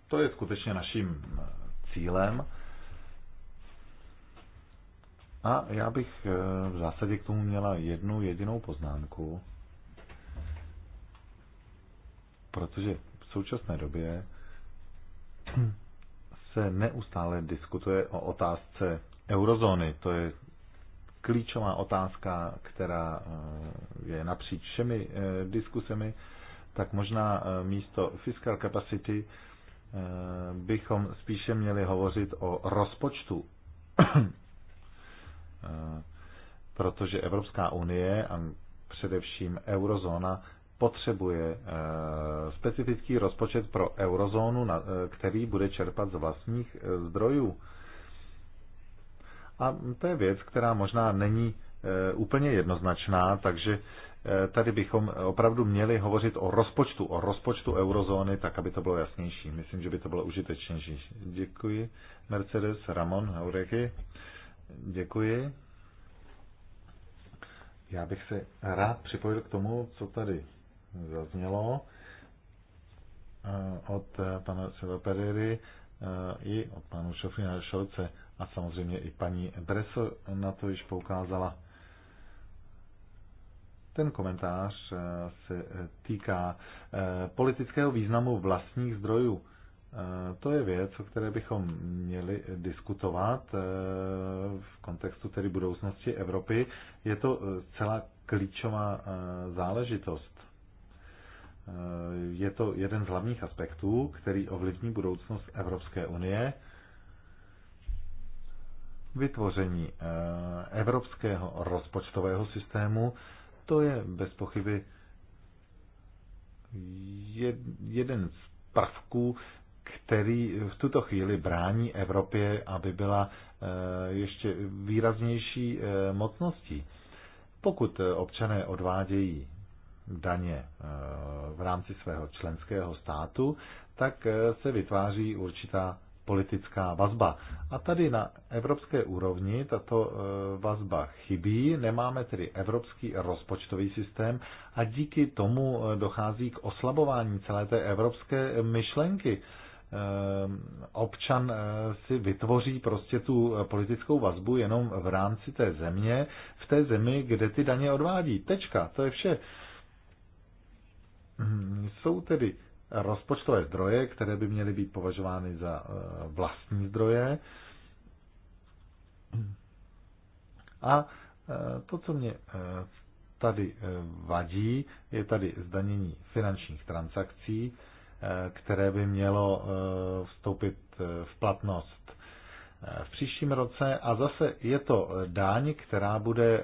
To je skutečně naším cílem. A já bych v zásadě k tomu měla jednu jedinou poznámku protože v současné době se neustále diskutuje o otázce eurozóny. To je klíčová otázka, která eh, je napříč všemi eh, diskusemi, tak možná eh, místo fiscal capacity bychom spíše měli hovořit o rozpočtu. Protože Evropská unie a především eurozóna potřebuje eh, specifický rozpočet pro eurozónu, eh, který bude čerpat z vlastních eh, zdrojů. A to je věc, která možná není úplně jednoznačná, takže tady bychom opravdu měli hovořit o rozpočtu, o rozpočtu eurozóny, tak aby to bylo jasnější. Myslím, že by to bylo užitečnější. Děkuji. Mercedes, Ramon, Aureky. Děkuji. Já bych se rád připojil k tomu, co tady zaznělo eh, od eh, pana Seba Perery eh, i od panu Šofina Šolce a samozřejmě i paní Breso na to již poukázala. Ten komentář se týká politického významu vlastních zdrojů. To je věc, o které bychom měli diskutovat v kontextu tedy budoucnosti Evropy. Je to celá klíčová záležitost. Eh, je to jeden z hlavních aspektů, který ovlivní budoucnost Evropské unie. Vytvoření eh, evropského rozpočtového systému, to je bez pochyby jeden z prvků, který v tuto chvíli brání Evropě, aby byla eh, ještě výraznější mocností. Pokud občané odvádějí daně eh, v rámci svého členského státu, tak eh, se vytváří určitá politická vazba. A tady na evropské úrovni tato eh, vazba chybí, nemáme tedy evropský rozpočtový systém a díky tomu dochází k oslabování celé té evropské myšlenky. Občan si vytvoří prostě tu politickou vazbu jenom v rámci té země, v té zemi, kde ty daně odvádí. Tečka, to je vše. Jsou tedy rozpočtové zdroje, které by měly být považovány za eh, vlastní zdroje. A eh, to, co mě eh, tady vadí, je tady zdanění finančních transakcí, které by mělo vstoupit v platnost v příštím roce a zase je to dáň, která bude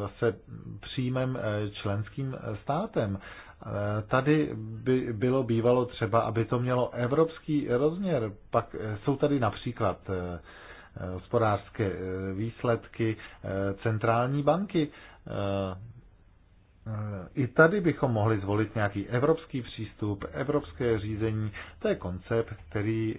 zase příjmem členským státem. Eh, tady by bylo bývalo třeba, aby to mělo evropský rozměr. Pak eh, jsou tady například eh, hospodářské výsledky centrální banky. I tady bychom mohli zvolit nějaký evropský přístup, evropské řízení. To je koncept, který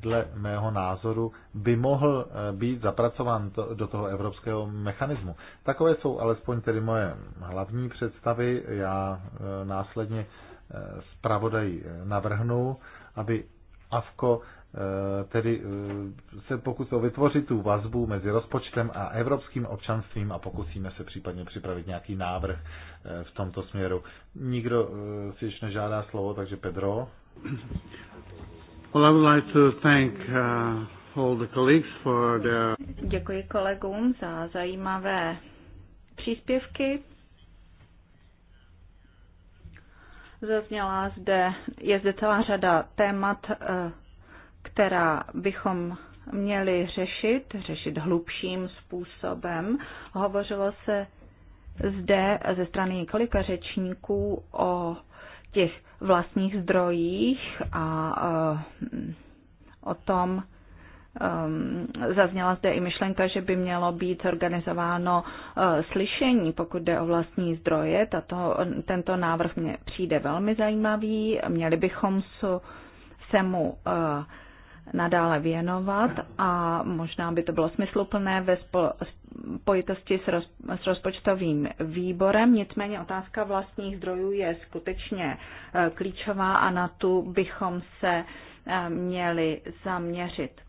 dle mého názoru by mohl eh, být zapracován do toho evropského mechanismu. Takové jsou alespoň tedy moje hlavní představy. Já eh, následně eh, zpravodaj navrhnu, aby AFKO tedy se pokusil vytvořit tu vazbu mezi rozpočtem a evropským občanstvím a pokusíme se případně připravit nějaký návrh v tomto směru. Nikdo si ještě nežádá slovo, takže Pedro. Well, I would like to thank uh, all the colleagues for Děkuji kolegům za zajímavé příspěvky. Zazněla zde, je zde celá řada témat, uh, která bychom měli řešit, řešit hlubším způsobem. Hovořilo se zde ze strany několika řečníků o těch vlastních zdrojích a e, o tom zazněla zde i myšlenka, že by mělo být organizováno e, slyšení, pokud jde o vlastní zdroje. Tato, tento návrh mně přijde velmi zajímavý. Měli bychom se mu e, nadále věnovat a možná by to bylo smysluplné ve spojitosti s, roz, s rozpočtovým výborem. Nicméně otázka vlastních zdrojů je skutečně e, klíčová a na tu bychom se e, měli zaměřit.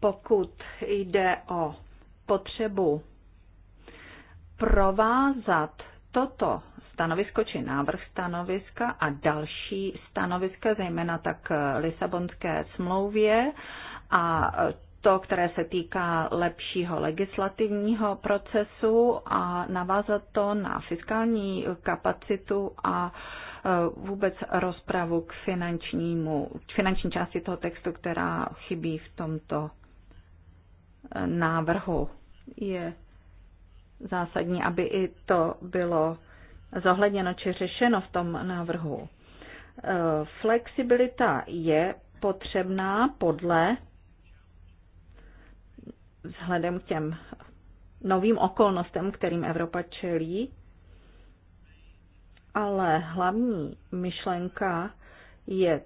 Pokud jde o potřebu provázat toto stanovisko či návrh stanoviska a další stanoviska, zejména tak Lisabonské smlouvě a to, které se týká lepšího legislativního procesu a navázat to na fiskální kapacitu a e, vůbec rozpravu k finančnímu, k finanční části toho textu, která chybí v tomto e, návrhu. Je zásadní, aby i to bylo zohledněno či řešeno v tom návrhu. E, flexibilita je potřebná podle vzhledem k těm novým okolnostem, kterým Evropa čelí, ale hlavní myšlenka je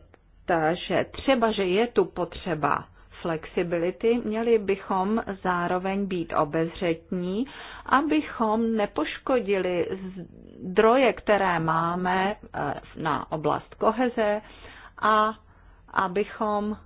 ta, že třeba, že je tu potřeba flexibility, měli bychom zároveň být obezřetní, abychom nepoškodili zdroje, které máme eh, na oblast koheze a abychom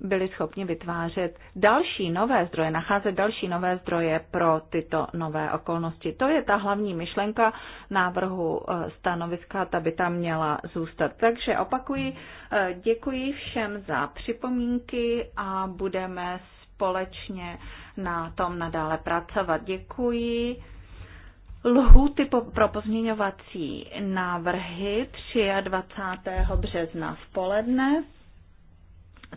byli schopni vytvářet další nové zdroje, nacházet další nové zdroje pro tyto nové okolnosti. To je ta hlavní myšlenka návrhu eh, stanoviska, ta by tam měla zůstat. Takže opakuji, eh, děkuji všem za připomínky a budeme společně na tom nadále pracovat. Děkuji. Lhůty pro pozměňovací návrhy 23. března v poledne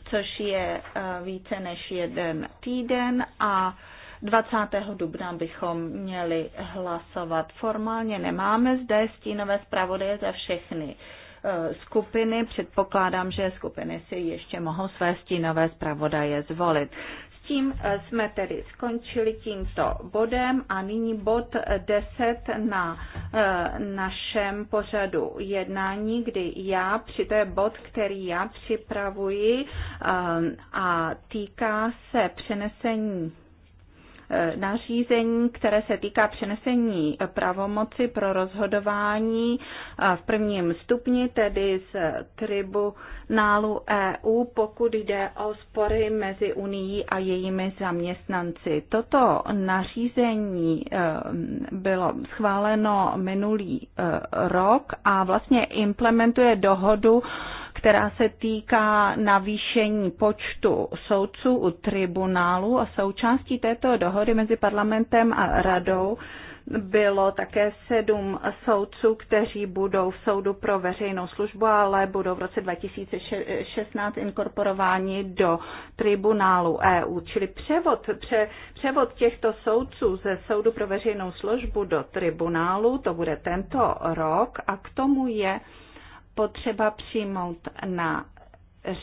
což je eh, více než jeden týden a 20. dubna bychom měli hlasovat. Formálně nemáme zde stínové zpravodaje za všechny eh, skupiny. Předpokládám, že skupiny si ještě mohou své stínové zpravodaje zvolit. Tím eh, jsme tedy skončili tímto bodem a nyní bod 10 na eh, našem pořadu jednání, kdy já, při to je bod, který já připravuji eh, a týká se přenesení Eh, nařízení, které se týká přenesení pravomoci pro rozhodování eh, v prvním stupni, tedy z tribunálu EU, pokud jde o spory mezi Unii a jejími zaměstnanci. Toto nařízení eh, bylo schváleno minulý rok a vlastně implementuje dohodu která se týká navýšení počtu soudců u tribunálu a součástí této dohody mezi parlamentem a radou bylo také sedm soudců, kteří budou v soudu pro veřejnou službu, ale budou v roce 2016 inkorporováni do tribunálu EU. Čili převod, pře, převod těchto soudců ze soudu pro veřejnou službu do tribunálu, to bude tento rok a k tomu je potřeba přijmout na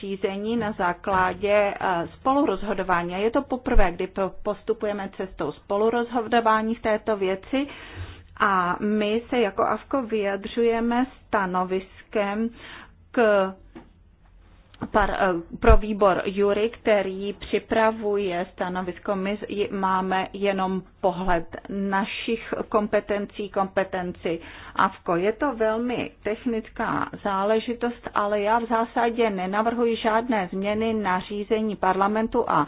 řízení na základě eh, spolurozhodování. A je to poprvé, kdy postupujeme cestou spolurozhodování v této věci a my se jako AFKO vyjadřujeme stanoviskem k Eh, pro výbor Jury, který připravuje stanovisko. My máme jenom pohled našich kompetencí, kompetenci AVKO. Je to velmi technická záležitost, ale já v zásadě nenavrhuji žádné změny na řízení parlamentu a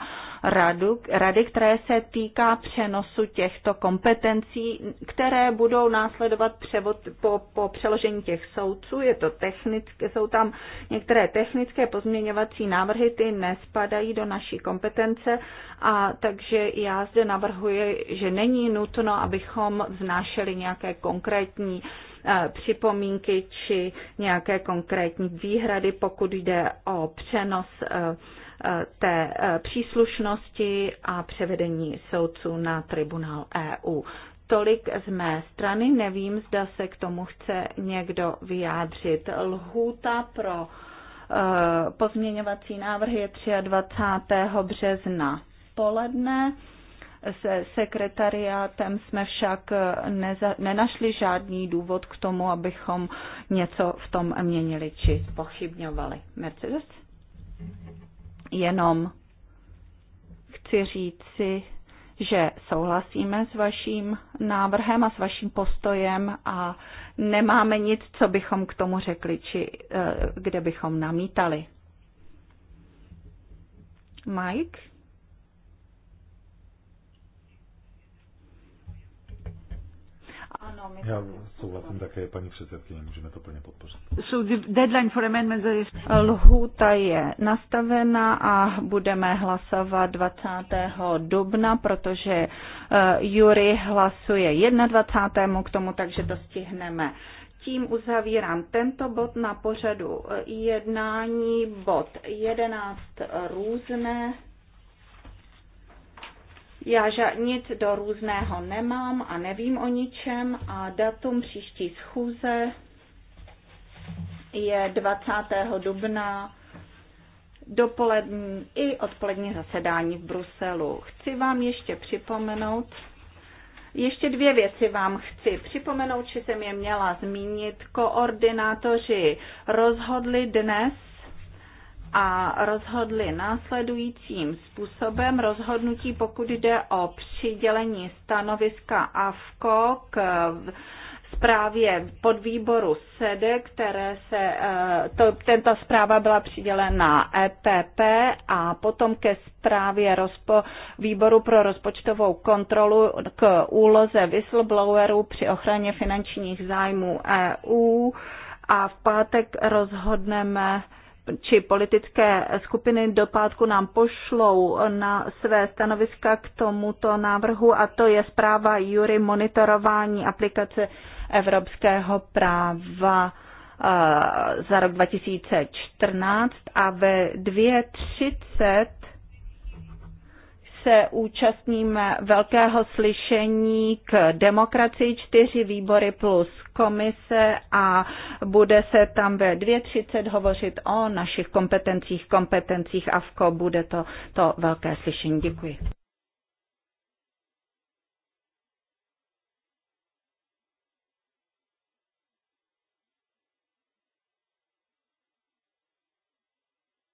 radu, rady, které se týká přenosu těchto kompetencí, které budou následovat převod, po, po přeložení těch soudců. Je to technické, jsou tam některé technické pozměňovací návrhy, ty nespadají do naší kompetence, a takže já zde navrhuji, že není nutno, abychom vznášeli nějaké konkrétní eh, připomínky či nějaké konkrétní výhrady, pokud jde o přenos eh, Eh, té eh, příslušnosti a převedení soudců na tribunál EU. Tolik z mé strany, nevím, zda se k tomu chce někdo vyjádřit. Lhůta pro eh, pozměňovací návrhy je 23. března poledne. Se sekretariátem jsme však neza, nenašli žádný důvod k tomu, abychom něco v tom měnili či pochybňovali. Mercedes? jenom chci říci, že souhlasíme s vaším návrhem a s vaším postojem a nemáme nic, co bychom k tomu řekli, či eh, kde bychom namítali. Mike? Ano, my Já souhlasím také, paní předsedkyně, můžeme to plně podpořit. So the deadline for amendment is... Lhůta je nastavena a budeme hlasovat 20. dubna, protože uh, Jury hlasuje 21. k tomu, takže to stihneme tím uzavírám tento bod na pořadu eh, jednání, bod 11 různé. Já ža- nic do různého nemám a nevím o ničem a datum příští schůze je 20. dubna dopolední i odpolední zasedání v Bruselu. Chci vám ještě připomenout, ještě dvě věci vám chci připomenout, či jsem je měla zmínit. Koordinátoři rozhodli dnes, a rozhodli následujícím způsobem rozhodnutí, pokud jde o přidělení stanoviska AFKO k zprávě podvýboru SEDE, e, které se, eh, to, tento zpráva byla přidělena EPP a potom ke zprávě rozpo, výboru pro rozpočtovou kontrolu k úloze whistleblowerů při ochraně finančních zájmů EU a v pátek rozhodneme či politické skupiny do pátku nám pošlou na své stanoviska k tomuto návrhu a to je zpráva Jury monitorování aplikace evropského práva eh, za rok 2014 a ve 2.30 se účastníme velkého slyšení k demokracii, čtyři výbory plus komise a bude se tam ve 2.30 hovořit o našich kompetencích, kompetencích AFKO. Bude to to velké slyšení. Děkuji.